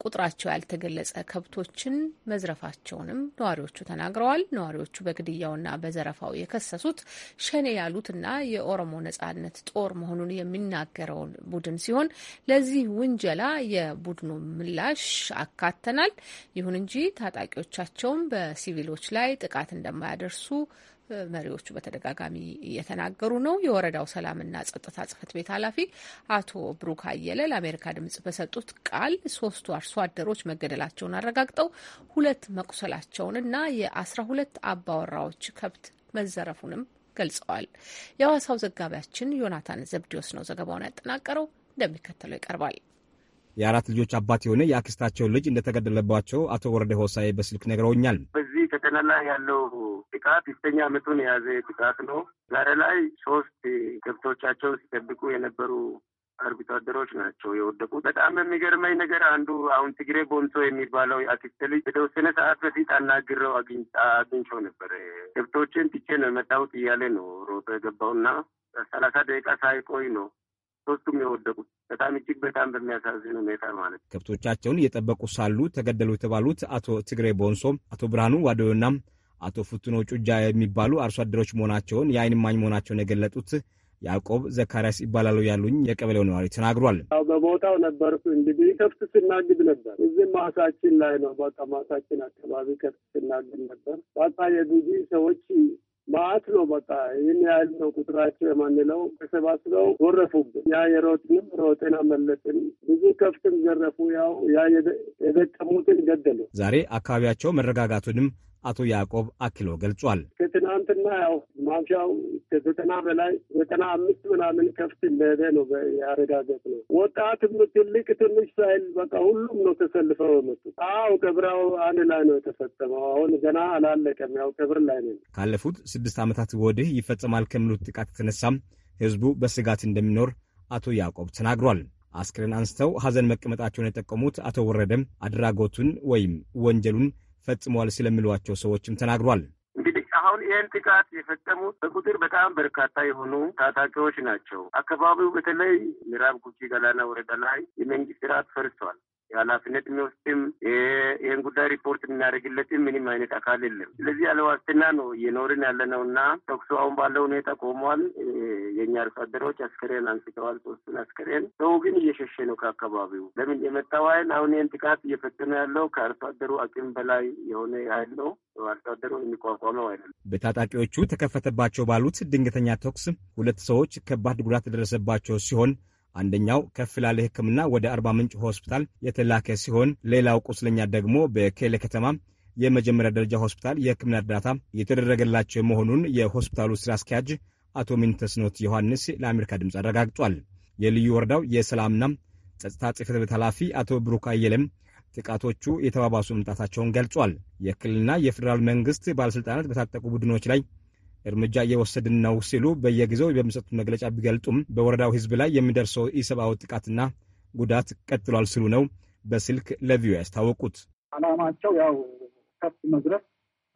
ቁጥራቸው ያልተገለጸ ከብቶችን መዝረፋቸውንም ነዋሪዎቹ ተናግረዋል። ነዋሪዎቹ በግድያውና በዘረፋው የከሰሱት ሸኔ ያሉትና የኦሮሞ ነጻነት ጦር መሆኑን የሚናገረውን ቡድን ሲሆን ለዚህ ውንጀላ የቡድኑ ምላሽ አካተናል። ይሁን እንጂ ታጣቂዎቻቸውም በሲቪሎች ላይ ጥቃት እንደማያደርሱ መሪዎቹ በተደጋጋሚ እየተናገሩ ነው። የወረዳው ሰላምና ጸጥታ ጽህፈት ቤት ኃላፊ አቶ ብሩክ አየለ ለአሜሪካ ድምጽ በሰጡት ቃል ሶስቱ አርሶ አደሮች መገደላቸውን አረጋግጠው ሁለት መቁሰላቸውንና የአስራ ሁለት አባወራዎች ከብት መዘረፉንም ገልጸዋል። የሐዋሳው ዘጋቢያችን ዮናታን ዘብዲዮስ ነው ዘገባውን ያጠናቀረው፣ እንደሚከተለው ይቀርባል። የአራት ልጆች አባት የሆነ የአክስታቸው ልጅ እንደተገደለባቸው አቶ ወረደ ሆሳዬ በስልክ ነግረውኛል። በዚህ ጤና ላይ ያለው ጥቃት ስተኛ አመቱን የያዘ ጥቃት ነው። ዛሬ ላይ ሶስት ከብቶቻቸውን ሲጠብቁ የነበሩ አርብቶ አደሮች ናቸው የወደቁ። በጣም የሚገርመኝ ነገር አንዱ አሁን ትግሬ ቦንሶ የሚባለው አክስቴ ልጅ የተወሰነ ሰዓት በፊት አናግረው አግኝቸው ነበር። ከብቶችን ትቼ ነው የመጣሁት እያለ ነው ሮጦ የገባውና ሰላሳ ደቂቃ ሳይቆይ ነው ሶስቱም የወደቁት በጣም እጅግ በጣም በሚያሳዝን ሁኔታ ማለት ነው። ከብቶቻቸውን እየጠበቁ ሳሉ ተገደሉ የተባሉት አቶ ትግሬ ቦንሶ፣ አቶ ብርሃኑ ዋዶዮና አቶ ፉትኖ ጩጃ የሚባሉ አርሶ አደሮች መሆናቸውን የአይን ማኝ መሆናቸውን የገለጡት ያዕቆብ ዘካርያስ ይባላሉ ያሉኝ የቀበሌው ነዋሪ ተናግሯል። ያው በቦታው ነበርኩ እንግዲህ ከብት ስናግድ ነበር። እዚህ ማሳችን ላይ ነው። በቃ ማሳችን አካባቢ ከብት ስናግድ ነበር። በቃ የጉጂ ሰዎች ማት ነው። በቃ ይህን ያህል ነው ቁጥራቸው የማንለው ተሰባስበው ወረፉብን። ያ የሮጥንም ሮጥን አመለጥን። ብዙ ከፍትም ዘረፉ። ያው ያ የደቀሙትን ገደሉ። ዛሬ አካባቢያቸው መረጋጋቱንም አቶ ያዕቆብ አክሎ ገልጿል። ከትናንትና ያው ማምሻው ከዘጠና በላይ ዘጠና አምስት ምናምን ከፍት እንደሄደ ነው ያረጋገጥ ነው። ወጣትም ትልቅ ትንሽ ሳይል በቃ ሁሉም ነው ተሰልፈው የመጡ። አዎ ቀብራው አንድ ላይ ነው የተፈጸመው። አሁን ገና አላለቀም። ያው ቀብር ላይ ነው። ካለፉት ስድስት ዓመታት ወዲህ ይፈጸማል ከሚሉት ጥቃት የተነሳም ህዝቡ በስጋት እንደሚኖር አቶ ያዕቆብ ተናግሯል። አስክሬን አንስተው ሀዘን መቀመጣቸውን የጠቀሙት አቶ ወረደም አድራጎቱን ወይም ወንጀሉን ፈጽሟል ስለሚሏቸው ሰዎችም ተናግሯል። አሁን ይህን ጥቃት የፈጸሙት በቁጥር በጣም በርካታ የሆኑ ታጣቂዎች ናቸው። አካባቢው በተለይ ምዕራብ ጉጂ ገላና ወረዳ ላይ የመንግስት ስርዓት ፈርሷል። ኃላፊነት የሚወስድም ይህን ጉዳይ ሪፖርት የምናደርግለትም ምንም አይነት አካል የለም። ስለዚህ ያለ ዋስትና ነው እየኖርን ያለ ነው እና ተኩሶ አሁን ባለው ሁኔታ ቆሟል። የእኛ አርሶ አደሮች አስከሬን አንስተዋል፣ ሶስቱን አስከሬን። ሰው ግን እየሸሸ ነው ከአካባቢው። ለምን የመጣው ኃይል አሁን ይህን ጥቃት እየፈጸመ ያለው ከአርሶ አደሩ አቅም በላይ የሆነ ኃይል ነው። አርሶ አደሩ የሚቋቋመው አይደለም። በታጣቂዎቹ ተከፈተባቸው ባሉት ድንገተኛ ተኩስ ሁለት ሰዎች ከባድ ጉዳት የደረሰባቸው ሲሆን አንደኛው ከፍ ላለ ሕክምና ወደ አርባ ምንጭ ሆስፒታል የተላከ ሲሆን ሌላው ቁስለኛ ደግሞ በኬሌ ከተማ የመጀመሪያ ደረጃ ሆስፒታል የሕክምና እርዳታ የተደረገላቸው መሆኑን የሆስፒታሉ ስራ አስኪያጅ አቶ ሚንተስኖት ዮሐንስ ለአሜሪካ ድምፅ አረጋግጧል። የልዩ ወረዳው የሰላምና ጸጥታ ጽሕፈት ቤት ኃላፊ አቶ ብሩክ አየለም ጥቃቶቹ የተባባሱ መምጣታቸውን ገልጿል። የክልልና የፌዴራል መንግስት ባለሥልጣናት በታጠቁ ቡድኖች ላይ እርምጃ እየወሰድን ነው ሲሉ በየጊዜው በሚሰጡት መግለጫ ቢገልጡም በወረዳው ህዝብ ላይ የሚደርሰው ኢሰብአዊ ጥቃትና ጉዳት ቀጥሏል ሲሉ ነው በስልክ ለቪዮ ያስታወቁት። አላማቸው ያው ከብት መዝረፍ፣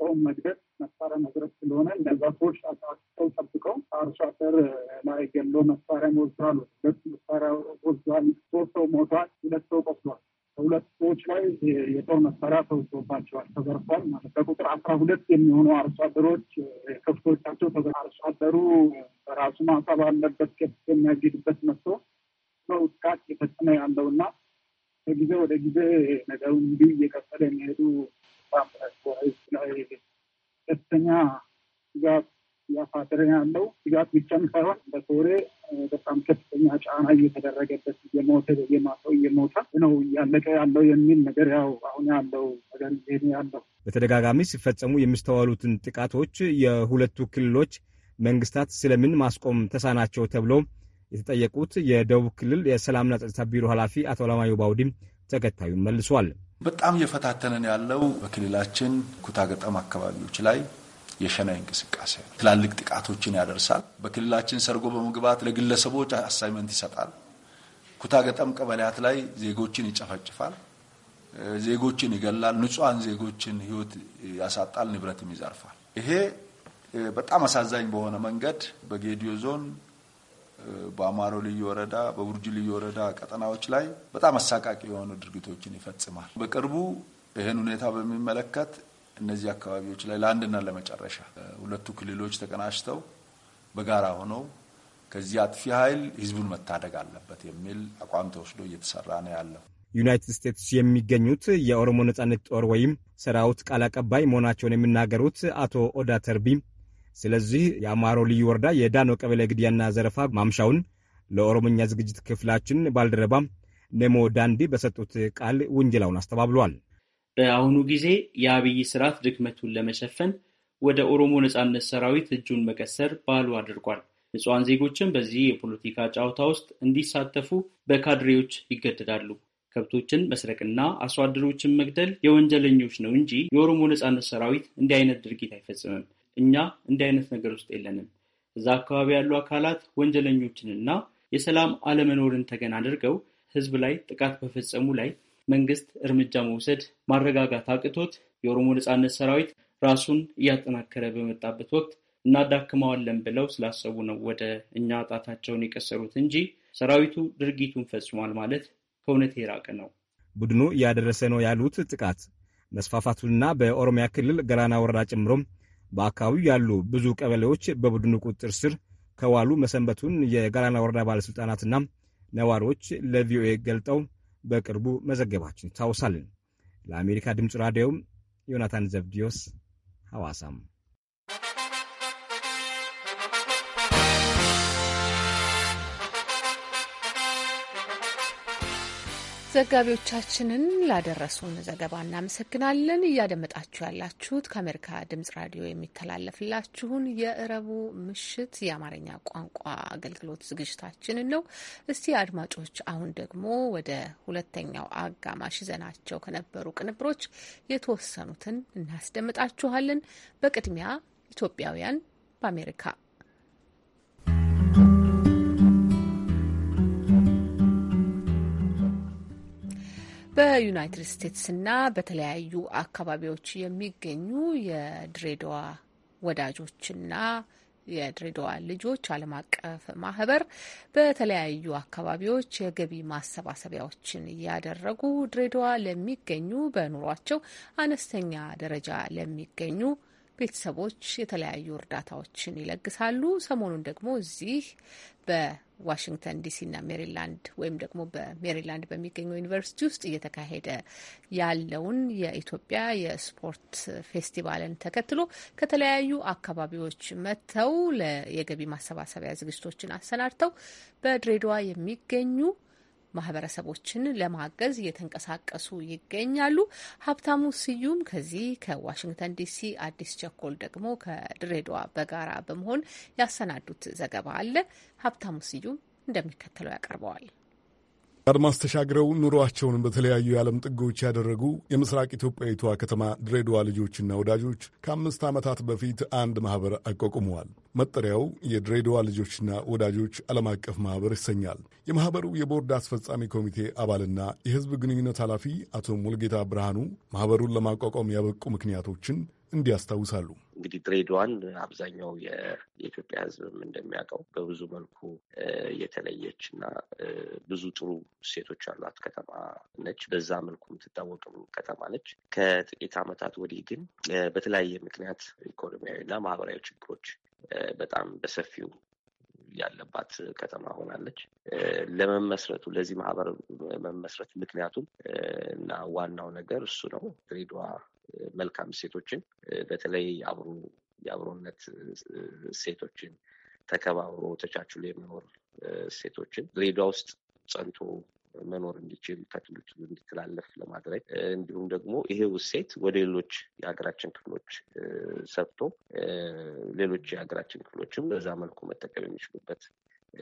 ሰውን መግደል፣ መሳሪያ መዝረፍ ስለሆነ እነዛ ሰዎች አሳቸው ጠብቀው አርሶ አደር ላይ ገሎ መሳሪያ ወዝዋሉ። ሁለት መሳሪያ ወዝዋል። ሶስት ሰው ሞቷል፣ ሁለት ሰው ቆስሏል። ከሁለት ሰዎች ላይ የጦር መሳሪያ ተወስዶባቸዋል፣ ተዘርፏል ማለት በቁጥር አስራ ሁለት የሚሆኑ አርሶ አደሮች ከብቶቻቸው አርሶ አደሩ በራሱ ማሳ ባለበት ከብት የሚያግድበት መስሎ ነው ጥቃት እየፈጸመ ያለው እና ከጊዜ ወደ ጊዜ ነገሩ እንዲሁ እየቀጠለ የሚሄዱ ላይ ከፍተኛ ስጋት እያሳደረ ያለው ስጋት ብቻም ሳይሆን በሶሬ በጣም ከፍተኛ ጫና እየተደረገበት የሞተ የማሰው እየሞተ ነው እያለቀ ያለው የሚል ነገር ያው አሁን ያለው ነገር ያለው በተደጋጋሚ ሲፈጸሙ የሚስተዋሉትን ጥቃቶች የሁለቱ ክልሎች መንግስታት ስለምን ማስቆም ተሳናቸው ተብሎ የተጠየቁት የደቡብ ክልል የሰላምና ጸጥታ ቢሮ ኃላፊ አቶ አለማዮ ባውዲም ተከታዩን መልሷል። በጣም እየፈታተነን ያለው በክልላችን ኩታገጠም አካባቢዎች ላይ የሸናይ እንቅስቃሴ ነው። ትላልቅ ጥቃቶችን ያደርሳል። በክልላችን ሰርጎ በመግባት ለግለሰቦች አሳይመንት ይሰጣል። ኩታገጠም ቀበሌያት ላይ ዜጎችን ይጨፈጭፋል። ዜጎችን ይገላል። ንጹሐን ዜጎችን ህይወት ያሳጣል፣ ንብረትም ይዘርፋል። ይሄ በጣም አሳዛኝ በሆነ መንገድ በጌዲዮ ዞን በአማሮ ልዩ ወረዳ፣ በቡርጅ ልዩ ወረዳ ቀጠናዎች ላይ በጣም አሳቃቂ የሆኑ ድርጊቶችን ይፈጽማል። በቅርቡ ይህን ሁኔታ በሚመለከት እነዚህ አካባቢዎች ላይ ለአንድና ለመጨረሻ ሁለቱ ክልሎች ተቀናጅተው በጋራ ሆነው ከዚህ አጥፊ ኃይል ህዝቡን መታደግ አለበት የሚል አቋም ተወስዶ እየተሰራ ነው ያለው። ዩናይትድ ስቴትስ የሚገኙት የኦሮሞ ነጻነት ጦር ወይም ሰራዊት ቃል አቀባይ መሆናቸውን የሚናገሩት አቶ ኦዳ ተርቢ ስለዚህ የአማሮ ልዩ ወረዳ የዳኖ ቀበሌ ግድያና ዘረፋ ማምሻውን ለኦሮሞኛ ዝግጅት ክፍላችን ባልደረባ ኔሞ ዳንዲ በሰጡት ቃል ውንጀላውን አስተባብሏል። በአሁኑ ጊዜ የአብይ ስርዓት ድክመቱን ለመሸፈን ወደ ኦሮሞ ነጻነት ሰራዊት እጁን መቀሰር ባህሉ አድርጓል። ንጹሐን ዜጎችን በዚህ የፖለቲካ ጨዋታ ውስጥ እንዲሳተፉ በካድሬዎች ይገደዳሉ። ከብቶችን መስረቅና አርሶ አደሮችን መግደል የወንጀለኞች ነው እንጂ የኦሮሞ ነጻነት ሰራዊት እንዲህ አይነት ድርጊት አይፈጽምም። እኛ እንዲህ አይነት ነገር ውስጥ የለንም። እዛ አካባቢ ያሉ አካላት ወንጀለኞችንና የሰላም አለመኖርን ተገን አድርገው ህዝብ ላይ ጥቃት በፈጸሙ ላይ መንግስት እርምጃ መውሰድ ማረጋጋት አቅቶት የኦሮሞ ነጻነት ሰራዊት ራሱን እያጠናከረ በመጣበት ወቅት እናዳክመዋለን ብለው ስላሰቡ ነው ወደ እኛ ጣታቸውን የቀሰሩት እንጂ ሰራዊቱ ድርጊቱን ፈጽሟል ማለት ከእውነት የራቀ ነው። ቡድኑ እያደረሰ ነው ያሉት ጥቃት መስፋፋቱንና በኦሮሚያ ክልል ገላና ወረዳ ጨምሮም በአካባቢው ያሉ ብዙ ቀበሌዎች በቡድኑ ቁጥጥር ስር ከዋሉ መሰንበቱን የገላና ወረዳ ባለሥልጣናትና ነዋሪዎች ለቪኦኤ ገልጠው በቅርቡ መዘገባችን ይታወሳል። ለአሜሪካ ድምፅ ራዲዮም ዮናታን ዘብዲዮስ ሐዋሳም ዘጋቢዎቻችንን ላደረሱን ዘገባ እናመሰግናለን። እያደመጣችሁ ያላችሁት ከአሜሪካ ድምጽ ራዲዮ የሚተላለፍላችሁን የእረቡ ምሽት የአማርኛ ቋንቋ አገልግሎት ዝግጅታችንን ነው። እስቲ አድማጮች፣ አሁን ደግሞ ወደ ሁለተኛው አጋማሽ ይዘናቸው ከነበሩ ቅንብሮች የተወሰኑትን እናስደምጣችኋለን። በቅድሚያ ኢትዮጵያውያን በአሜሪካ በዩናይትድ ስቴትስና በተለያዩ አካባቢዎች የሚገኙ የድሬዳዋ ወዳጆችና የድሬዳዋ ልጆች ዓለም አቀፍ ማህበር በተለያዩ አካባቢዎች የገቢ ማሰባሰቢያዎችን እያደረጉ ድሬዳዋ ለሚገኙ በኑሯቸው አነስተኛ ደረጃ ለሚገኙ ቤተሰቦች የተለያዩ እርዳታዎችን ይለግሳሉ። ሰሞኑን ደግሞ እዚህ በዋሽንግተን ዲሲና ሜሪላንድ ወይም ደግሞ በሜሪላንድ በሚገኘው ዩኒቨርሲቲ ውስጥ እየተካሄደ ያለውን የኢትዮጵያ የስፖርት ፌስቲቫልን ተከትሎ ከተለያዩ አካባቢዎች መጥተው የገቢ ማሰባሰቢያ ዝግጅቶችን አሰናድተው በድሬዳዋ የሚገኙ ማህበረሰቦችን ለማገዝ እየተንቀሳቀሱ ይገኛሉ። ሀብታሙ ስዩም ከዚህ ከዋሽንግተን ዲሲ፣ አዲስ ቸኮል ደግሞ ከድሬዳዋ በጋራ በመሆን ያሰናዱት ዘገባ አለ። ሀብታሙ ስዩም እንደሚከተለው ያቀርበዋል። አድማስ ተሻግረው ኑሯቸውን በተለያዩ የዓለም ጥጎች ያደረጉ የምስራቅ ኢትዮጵያዊቷ ከተማ ድሬዳዋ ልጆችና ወዳጆች ከአምስት ዓመታት በፊት አንድ ማኅበር አቋቁመዋል። መጠሪያው የድሬዳዋ ልጆችና ወዳጆች ዓለም አቀፍ ማኅበር ይሰኛል። የማኅበሩ የቦርድ አስፈጻሚ ኮሚቴ አባልና የሕዝብ ግንኙነት ኃላፊ አቶ ሙልጌታ ብርሃኑ ማኅበሩን ለማቋቋም ያበቁ ምክንያቶችን እንዲህ ያስታውሳሉ። እንግዲህ ድሬዳዋን አብዛኛው የኢትዮጵያ ሕዝብም እንደሚያውቀው በብዙ መልኩ የተለየች እና ብዙ ጥሩ እሴቶች ያሏት ከተማ ነች። በዛ መልኩ የምትታወቅም ከተማ ነች። ከጥቂት ዓመታት ወዲህ ግን በተለያየ ምክንያት ኢኮኖሚያዊ እና ማህበራዊ ችግሮች በጣም በሰፊው ያለባት ከተማ ሆናለች። ለመመስረቱ ለዚህ ማህበር መመስረት ምክንያቱም እና ዋናው ነገር እሱ ነው። ድሬዳዋ መልካም እሴቶችን በተለይ አብሮ የአብሮነት እሴቶችን ተከባብሮ ተቻችሎ የመኖር እሴቶችን ድሬዳዋ ውስጥ ጸንቶ መኖር እንዲችል ከትውልድ እንዲተላለፍ ለማድረግ እንዲሁም ደግሞ ይሄ እሴት ወደ ሌሎች የሀገራችን ክፍሎች ሰብቶ ሌሎች የሀገራችን ክፍሎችም በዛ መልኩ መጠቀም የሚችሉበት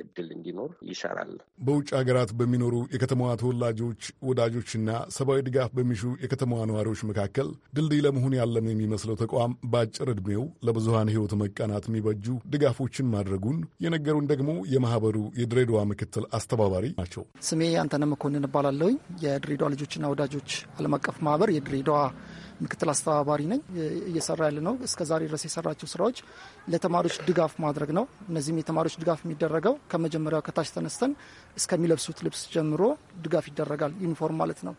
እድል እንዲኖር ይሰራል። በውጭ ሀገራት በሚኖሩ የከተማዋ ተወላጆች ወዳጆችና ሰብአዊ ድጋፍ በሚሹ የከተማዋ ነዋሪዎች መካከል ድልድይ ለመሆን ያለም የሚመስለው ተቋም በአጭር ዕድሜው ለብዙሀን ህይወት መቃናት የሚበጁ ድጋፎችን ማድረጉን የነገሩን ደግሞ የማህበሩ የድሬዳዋ ምክትል አስተባባሪ ናቸው። ስሜ አንተነ መኮንን እባላለሁኝ። የድሬዳዋ ልጆችና ወዳጆች ዓለም አቀፍ ማህበር የድሬዳዋ ምክትል አስተባባሪ ነኝ። እየሰራ ያለ ነው ዛሬ ድረስ የሰራቸው ስራዎች ለተማሪዎች ድጋፍ ማድረግ ነው። እነዚህም የተማሪዎች ድጋፍ የሚደረገው ከመጀመሪያው ከታች ተነስተን እስከሚለብሱት ልብስ ጀምሮ ድጋፍ ይደረጋል። ዩኒፎርም ማለት ነው።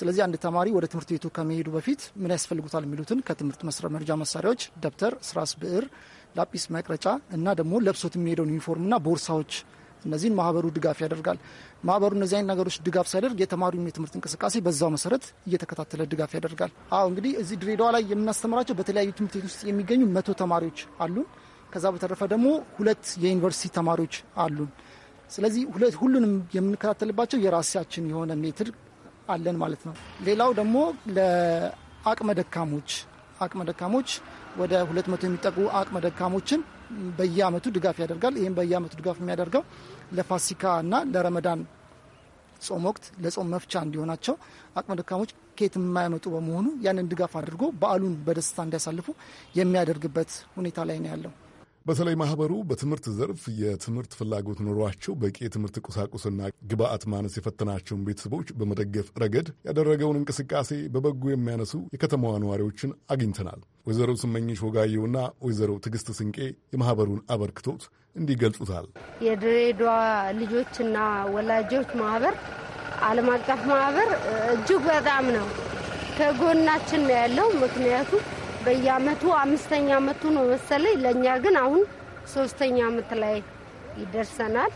ስለዚህ አንድ ተማሪ ወደ ትምህርት ቤቱ ከመሄዱ በፊት ምን ያስፈልጉታል የሚሉትን ከትምህርት መርጃ መሳሪያዎች ደብተር፣ ስራስ፣ ብዕር፣ ላጲስ፣ መቅረጫ እና ደግሞ ለብሶት የሚሄደውን ዩኒፎርምና ቦርሳዎች እነዚህን ማህበሩ ድጋፍ ያደርጋል። ማህበሩ እነዚህ አይነት ነገሮች ድጋፍ ሲያደርግ የተማሪውን የትምህርት እንቅስቃሴ በዛው መሰረት እየተከታተለ ድጋፍ ያደርጋል። አሁ እንግዲህ እዚህ ድሬዳዋ ላይ የምናስተምራቸው በተለያዩ ትምህርት ቤት ውስጥ የሚገኙ መቶ ተማሪዎች አሉን። ከዛ በተረፈ ደግሞ ሁለት የዩኒቨርሲቲ ተማሪዎች አሉን። ስለዚህ ሁለት ሁሉንም የምንከታተልባቸው የራሳችን የሆነ ሜትር አለን ማለት ነው። ሌላው ደግሞ ለአቅመ ደካሞች አቅመ ደካሞች ወደ ሁለት መቶ የሚጠጉ አቅመ ደካሞችን በየአመቱ ድጋፍ ያደርጋል። ይህም በየአመቱ ድጋፍ የሚያደርገው ለፋሲካ እና ለረመዳን ጾም ወቅት ለጾም መፍቻ እንዲሆናቸው አቅመ ደካሞች ከየት የማያመጡ በመሆኑ ያንን ድጋፍ አድርጎ በዓሉን በደስታ እንዲያሳልፉ የሚያደርግበት ሁኔታ ላይ ነው ያለው። በተለይ ማህበሩ በትምህርት ዘርፍ የትምህርት ፍላጎት ኖሯቸው በቂ የትምህርት ቁሳቁስና ግብአት ማነስ የፈተናቸውን ቤተሰቦች በመደገፍ ረገድ ያደረገውን እንቅስቃሴ በበጎ የሚያነሱ የከተማዋ ነዋሪዎችን አግኝተናል። ወይዘሮ ስመኝሽ ወጋየውና ወይዘሮ ትዕግስት ስንቄ የማህበሩን አበርክቶት እንዲህ ገልጹታል። የድሬዳዋ ልጆችና ወላጆች ማህበር ዓለም አቀፍ ማህበር እጅግ በጣም ነው ከጎናችን ነው ያለው። ምክንያቱም በየአመቱ አምስተኛ አመቱ ነው መሰለኝ። ለእኛ ግን አሁን ሶስተኛ አመት ላይ ይደርሰናል።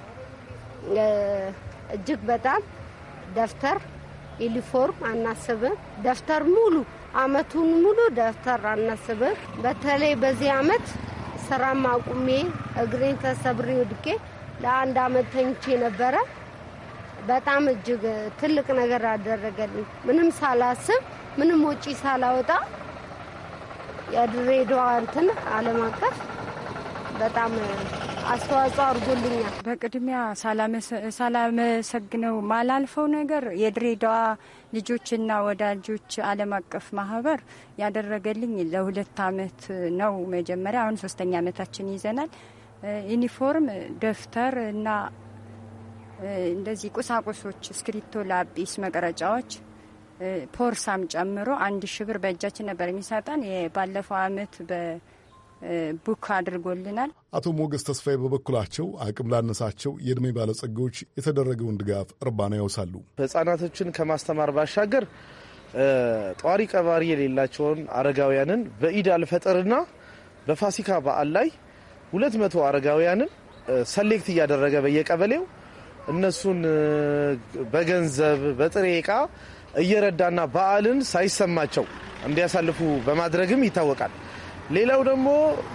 እጅግ በጣም ደብተር፣ ዩኒፎርም አናስብም። ደብተር ሙሉ አመቱን ሙሉ ደብተር አናስብም። በተለይ በዚህ አመት ስራም አቁሜ እግሬን ተሰብሬ ወድቄ ለአንድ አመት ተኝቼ ነበረ። በጣም እጅግ ትልቅ ነገር አደረገልኝ። ምንም ሳላስብ ምንም ወጪ ሳላወጣ የድሬዳዋ እንትን ዓለም አቀፍ በጣም አስተዋጽኦ አድርጎልኛል። በቅድሚያ ሳላመሰግነው ማላልፈው ነገር የድሬዳዋ ልጆችና ወዳጆች ዓለም አቀፍ ማህበር ያደረገልኝ ለሁለት አመት ነው። መጀመሪያ አሁን ሶስተኛ አመታችን ይዘናል። ዩኒፎርም፣ ደብተር እና እንደዚህ ቁሳቁሶች እስክሪብቶ፣ ላጲስ፣ መቅረጫዎች ፖርሳም ጨምሮ አንድ ሺ ብር በእጃችን ነበር የሚሰጠን። ባለፈው አመት ቡክ አድርጎልናል። አቶ ሞገስ ተስፋዬ በበኩላቸው አቅም ላነሳቸው የእድሜ ባለጸጋዎች የተደረገውን ድጋፍ እርባና ያውሳሉ። ህጻናቶችን ከማስተማር ባሻገር ጠዋሪ ቀባሪ የሌላቸውን አረጋውያንን በኢድ አልፈጠርና በፋሲካ በዓል ላይ ሁለት መቶ አረጋውያንን ሰሌክት እያደረገ በየቀበሌው እነሱን በገንዘብ በጥሬ ዕቃ እየረዳና በዓልን ሳይሰማቸው እንዲያሳልፉ በማድረግም ይታወቃል። ሌላው ደግሞ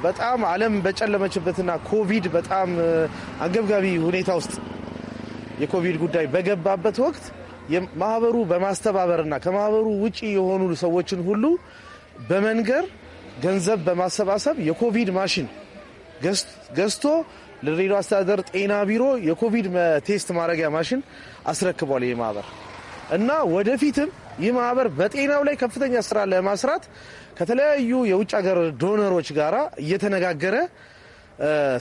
በጣም ዓለም በጨለመችበትና ኮቪድ በጣም አንገብጋቢ ሁኔታ ውስጥ የኮቪድ ጉዳይ በገባበት ወቅት ማህበሩ በማስተባበርና ከማህበሩ ውጪ የሆኑ ሰዎችን ሁሉ በመንገር ገንዘብ በማሰባሰብ የኮቪድ ማሽን ገዝቶ ለድሬዳዋ አስተዳደር ጤና ቢሮ የኮቪድ ቴስት ማድረጊያ ማሽን አስረክቧል ይህ ማህበር። እና ወደፊትም ይህ ማህበር በጤናው ላይ ከፍተኛ ስራ ለማስራት ከተለያዩ የውጭ ሀገር ዶነሮች ጋር እየተነጋገረ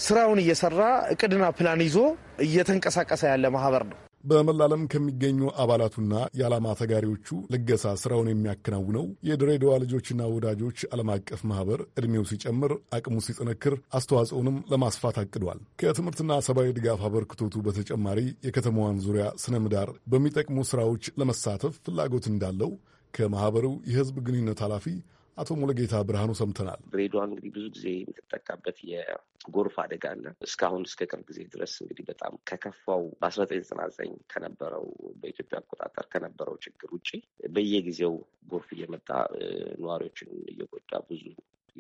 ስራውን እየሰራ እቅድና ፕላን ይዞ እየተንቀሳቀሰ ያለ ማህበር ነው። በመላ ዓለም ከሚገኙ አባላቱና የዓላማ ተጋሪዎቹ ልገሳ ስራውን የሚያከናውነው የድሬዳዋ ልጆችና ወዳጆች ዓለም አቀፍ ማህበር ዕድሜው ሲጨምር አቅሙ ሲጠነክር አስተዋጽኦንም ለማስፋት አቅዷል። ከትምህርትና ሰብአዊ ድጋፍ አበርክቶቱ በተጨማሪ የከተማዋን ዙሪያ ስነ ምህዳር በሚጠቅሙ ስራዎች ለመሳተፍ ፍላጎት እንዳለው ከማህበሩ የህዝብ ግንኙነት ኃላፊ አቶ ሙሉጌታ ብርሃኑ ሰምተናል። ድሬዳዋን እንግዲህ ብዙ ጊዜ የምትጠቃበት የጎርፍ አደጋ አለ። እስካሁን እስከ ቅርብ ጊዜ ድረስ እንግዲህ በጣም ከከፋው በአስራ ዘጠኝ ዘጠና ዘጠኝ ከነበረው በኢትዮጵያ አቆጣጠር ከነበረው ችግር ውጭ በየጊዜው ጎርፍ እየመጣ ነዋሪዎችን እየጎዳ ብዙ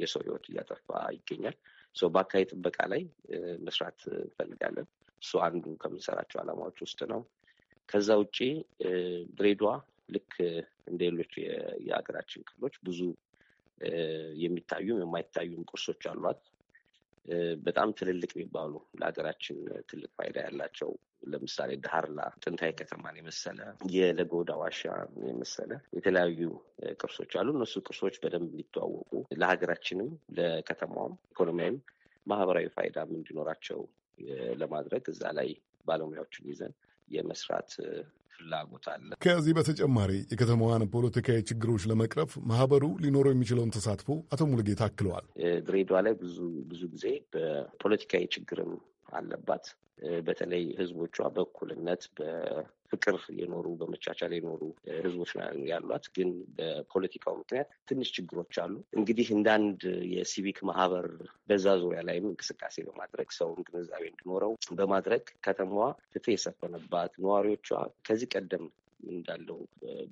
የሰው ሕይወት እያጠፋ ይገኛል። ሰው በአካባቢ ጥበቃ ላይ መስራት እንፈልጋለን። እሱ አንዱ ከምንሰራቸው ዓላማዎች ውስጥ ነው። ከዛ ውጭ ድሬዳዋ ልክ እንደ ሌሎች የሀገራችን ክፍሎች ብዙ የሚታዩም የማይታዩም ቅርሶች አሏት። በጣም ትልልቅ የሚባሉ ለሀገራችን ትልቅ ፋይዳ ያላቸው ለምሳሌ ዳህርላ ጥንታዊ ከተማን የመሰለ የለጎዳ ዋሻ የመሰለ የተለያዩ ቅርሶች አሉ። እነሱ ቅርሶች በደንብ እንዲተዋወቁ ለሀገራችንም፣ ለከተማውም ኢኮኖሚያዊም ማህበራዊ ፋይዳም እንዲኖራቸው ለማድረግ እዛ ላይ ባለሙያዎችን ይዘን የመስራት ፍላጎት አለ። ከዚህ በተጨማሪ የከተማዋን ፖለቲካዊ ችግሮች ለመቅረፍ ማህበሩ ሊኖረው የሚችለውን ተሳትፎ አቶ ሙሉጌታ አክለዋል። ድሬዳዋ ላይ ብዙ ብዙ ጊዜ በፖለቲካዊ ችግርም አለባት። በተለይ ህዝቦቿ በእኩልነት በፍቅር የኖሩ በመቻቻል የኖሩ ህዝቦች ያሏት፣ ግን በፖለቲካው ምክንያት ትንሽ ችግሮች አሉ። እንግዲህ እንደ አንድ የሲቪክ ማህበር በዛ ዙሪያ ላይም እንቅስቃሴ በማድረግ ሰውን ግንዛቤ እንዲኖረው በማድረግ ከተማዋ ፍትህ የሰፈነባት ነዋሪዎቿ ከዚህ ቀደም እንዳለው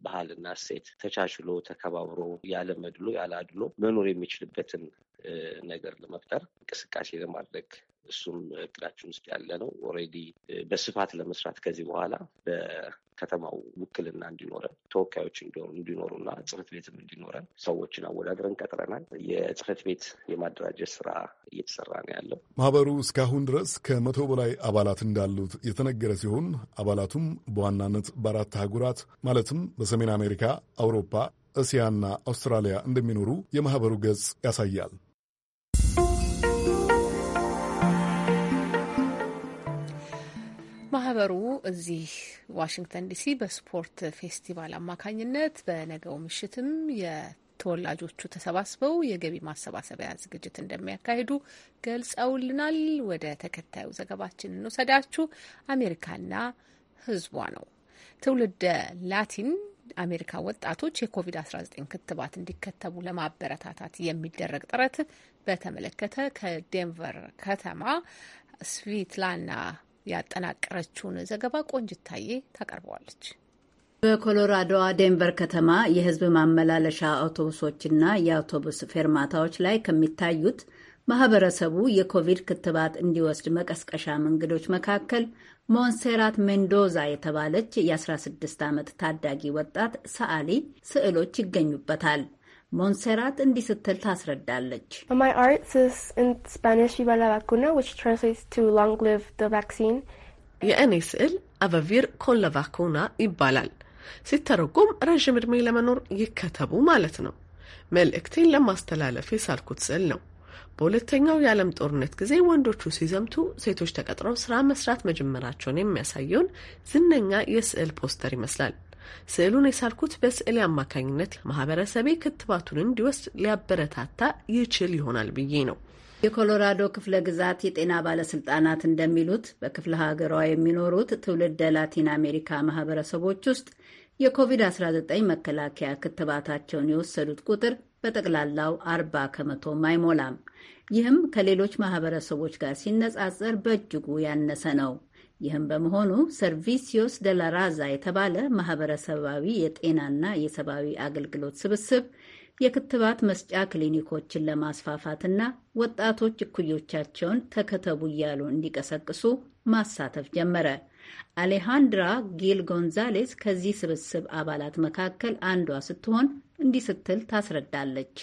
ባህልና እሴት ተቻችሎ ተከባብሮ ያለ መድሎ ያለ አድሎ መኖር የሚችልበትን ነገር ለመፍጠር እንቅስቃሴ ለማድረግ እሱም እቅዳችን ውስጥ ያለ ነው። ኦልሬዲ በስፋት ለመስራት ከዚህ በኋላ በከተማው ውክልና እንዲኖረን ተወካዮች እንዲኖሩና ጽህፈት ቤትም እንዲኖረን ሰዎችን አወዳድረን ቀጥረናል። የጽህፈት ቤት የማደራጀት ስራ እየተሰራ ነው ያለው። ማህበሩ እስካሁን ድረስ ከመቶ በላይ አባላት እንዳሉት የተነገረ ሲሆን አባላቱም በዋናነት በአራት አህጉራት ማለትም በሰሜን አሜሪካ፣ አውሮፓ፣ እስያና አውስትራሊያ እንደሚኖሩ የማህበሩ ገጽ ያሳያል። ማህበሩ እዚህ ዋሽንግተን ዲሲ በስፖርት ፌስቲቫል አማካኝነት በነገው ምሽትም የተወላጆቹ ተሰባስበው የገቢ ማሰባሰቢያ ዝግጅት እንደሚያካሂዱ ገልጸውልናል። ወደ ተከታዩ ዘገባችን እንውሰዳችሁ። አሜሪካና ህዝቧ ነው። ትውልደ ላቲን አሜሪካ ወጣቶች የኮቪድ-19 ክትባት እንዲከተቡ ለማበረታታት የሚደረግ ጥረት በተመለከተ ከዴንቨር ከተማ ስቪትላና ያጠናቀረችውን ዘገባ ቆንጅታዬ ታቀርበዋለች። በኮሎራዶዋ ዴንቨር ከተማ የህዝብ ማመላለሻ አውቶቡሶችና የአውቶቡስ ፌርማታዎች ላይ ከሚታዩት ማህበረሰቡ የኮቪድ ክትባት እንዲወስድ መቀስቀሻ መንገዶች መካከል ሞንሴራት ሜንዶዛ የተባለች የ16 ዓመት ታዳጊ ወጣት ሰዓሊ ስዕሎች ይገኙበታል። ሞንሴራት እንዲህ ስትል ታስረዳለች። የእኔ ስዕል አቨቪር ኮን ይባላል። ሲተረጎም ረዥም ዕድሜ ለመኖር ይከተቡ ማለት ነው። መልእክቴን ለማስተላለፍ የሳልኩት ስዕል ነው። በሁለተኛው የዓለም ጦርነት ጊዜ ወንዶቹ ሲዘምቱ ሴቶች ተቀጥረው ስራ መስራት መጀመራቸውን የሚያሳየውን ዝነኛ የስዕል ፖስተር ይመስላል። ስዕሉን የሳልኩት በስዕሌ አማካኝነት ማህበረሰቤ ክትባቱን እንዲወስድ ሊያበረታታ ይችል ይሆናል ብዬ ነው። የኮሎራዶ ክፍለ ግዛት የጤና ባለስልጣናት እንደሚሉት በክፍለ ሀገሯ የሚኖሩት ትውልደ ላቲን አሜሪካ ማህበረሰቦች ውስጥ የኮቪድ-19 መከላከያ ክትባታቸውን የወሰዱት ቁጥር በጠቅላላው አርባ ከመቶም አይሞላም። ይህም ከሌሎች ማህበረሰቦች ጋር ሲነጻጸር በእጅጉ ያነሰ ነው። ይህም በመሆኑ ሰርቪሲዮስ ደላራዛ የተባለ ማህበረሰባዊ የጤናና የሰብአዊ አገልግሎት ስብስብ የክትባት መስጫ ክሊኒኮችን ለማስፋፋትና ወጣቶች እኩዮቻቸውን ተከተቡ እያሉ እንዲቀሰቅሱ ማሳተፍ ጀመረ። አሌሃንድራ ጊል ጎንዛሌስ ከዚህ ስብስብ አባላት መካከል አንዷ ስትሆን እንዲህ ስትል ታስረዳለች።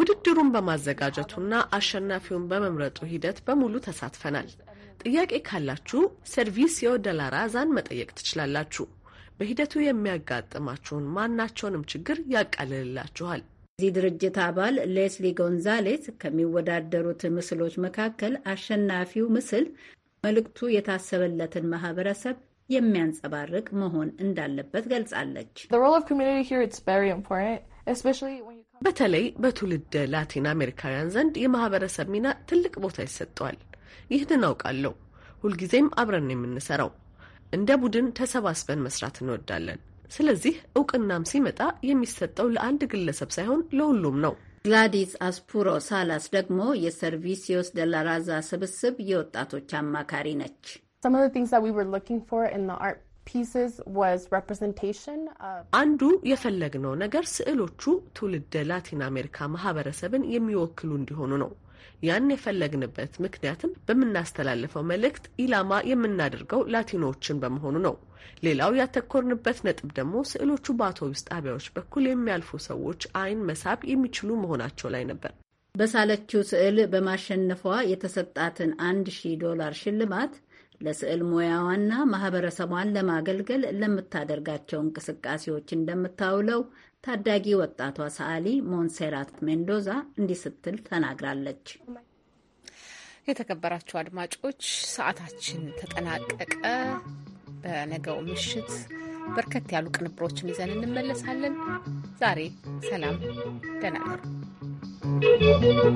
ውድድሩን በማዘጋጀቱና አሸናፊውን በመምረጡ ሂደት በሙሉ ተሳትፈናል። ጥያቄ ካላችሁ ሰርቪሲዮ ደላራዛን መጠየቅ ትችላላችሁ። በሂደቱ የሚያጋጥማችሁን ማናቸውንም ችግር ያቃልልላችኋል። እዚህ ድርጅት አባል ሌስሊ ጎንዛሌስ ከሚወዳደሩት ምስሎች መካከል አሸናፊው ምስል መልእክቱ የታሰበለትን ማህበረሰብ የሚያንጸባርቅ መሆን እንዳለበት ገልጻለች። በተለይ በትውልድ ላቲን አሜሪካውያን ዘንድ የማህበረሰብ ሚና ትልቅ ቦታ ይሰጠዋል። ይህን እናውቃለሁ። ሁልጊዜም አብረን የምንሰራው። እንደ ቡድን ተሰባስበን መስራት እንወዳለን። ስለዚህ እውቅናም ሲመጣ የሚሰጠው ለአንድ ግለሰብ ሳይሆን ለሁሉም ነው። ግላዲስ አስፑሮ ሳላስ ደግሞ የሰርቪሲዮስ ደላራዛ ስብስብ የወጣቶች አማካሪ ነች። አንዱ የፈለግነው ነገር ስዕሎቹ ትውልደ ላቲን አሜሪካ ማህበረሰብን የሚወክሉ እንዲሆኑ ነው። ያን የፈለግንበት ምክንያትም በምናስተላልፈው መልእክት ኢላማ የምናደርገው ላቲኖዎችን በመሆኑ ነው። ሌላው ያተኮርንበት ነጥብ ደግሞ ስዕሎቹ በአውቶቡስ ጣቢያዎች በኩል የሚያልፉ ሰዎች አይን መሳብ የሚችሉ መሆናቸው ላይ ነበር። በሳለችው ስዕል በማሸነፏ የተሰጣትን አንድ ሺህ ዶላር ሽልማት ለስዕል ሙያዋና ማህበረሰቧን ለማገልገል ለምታደርጋቸው እንቅስቃሴዎች እንደምታውለው ታዳጊ ወጣቷ ሰዓሊ ሞንሴራት ሜንዶዛ እንዲህ ስትል ተናግራለች። የተከበራችሁ አድማጮች ሰዓታችን ተጠናቀቀ። በነገው ምሽት በርከት ያሉ ቅንብሮችን ይዘን እንመለሳለን። ዛሬ ሰላም፣ ደህና እደሩ።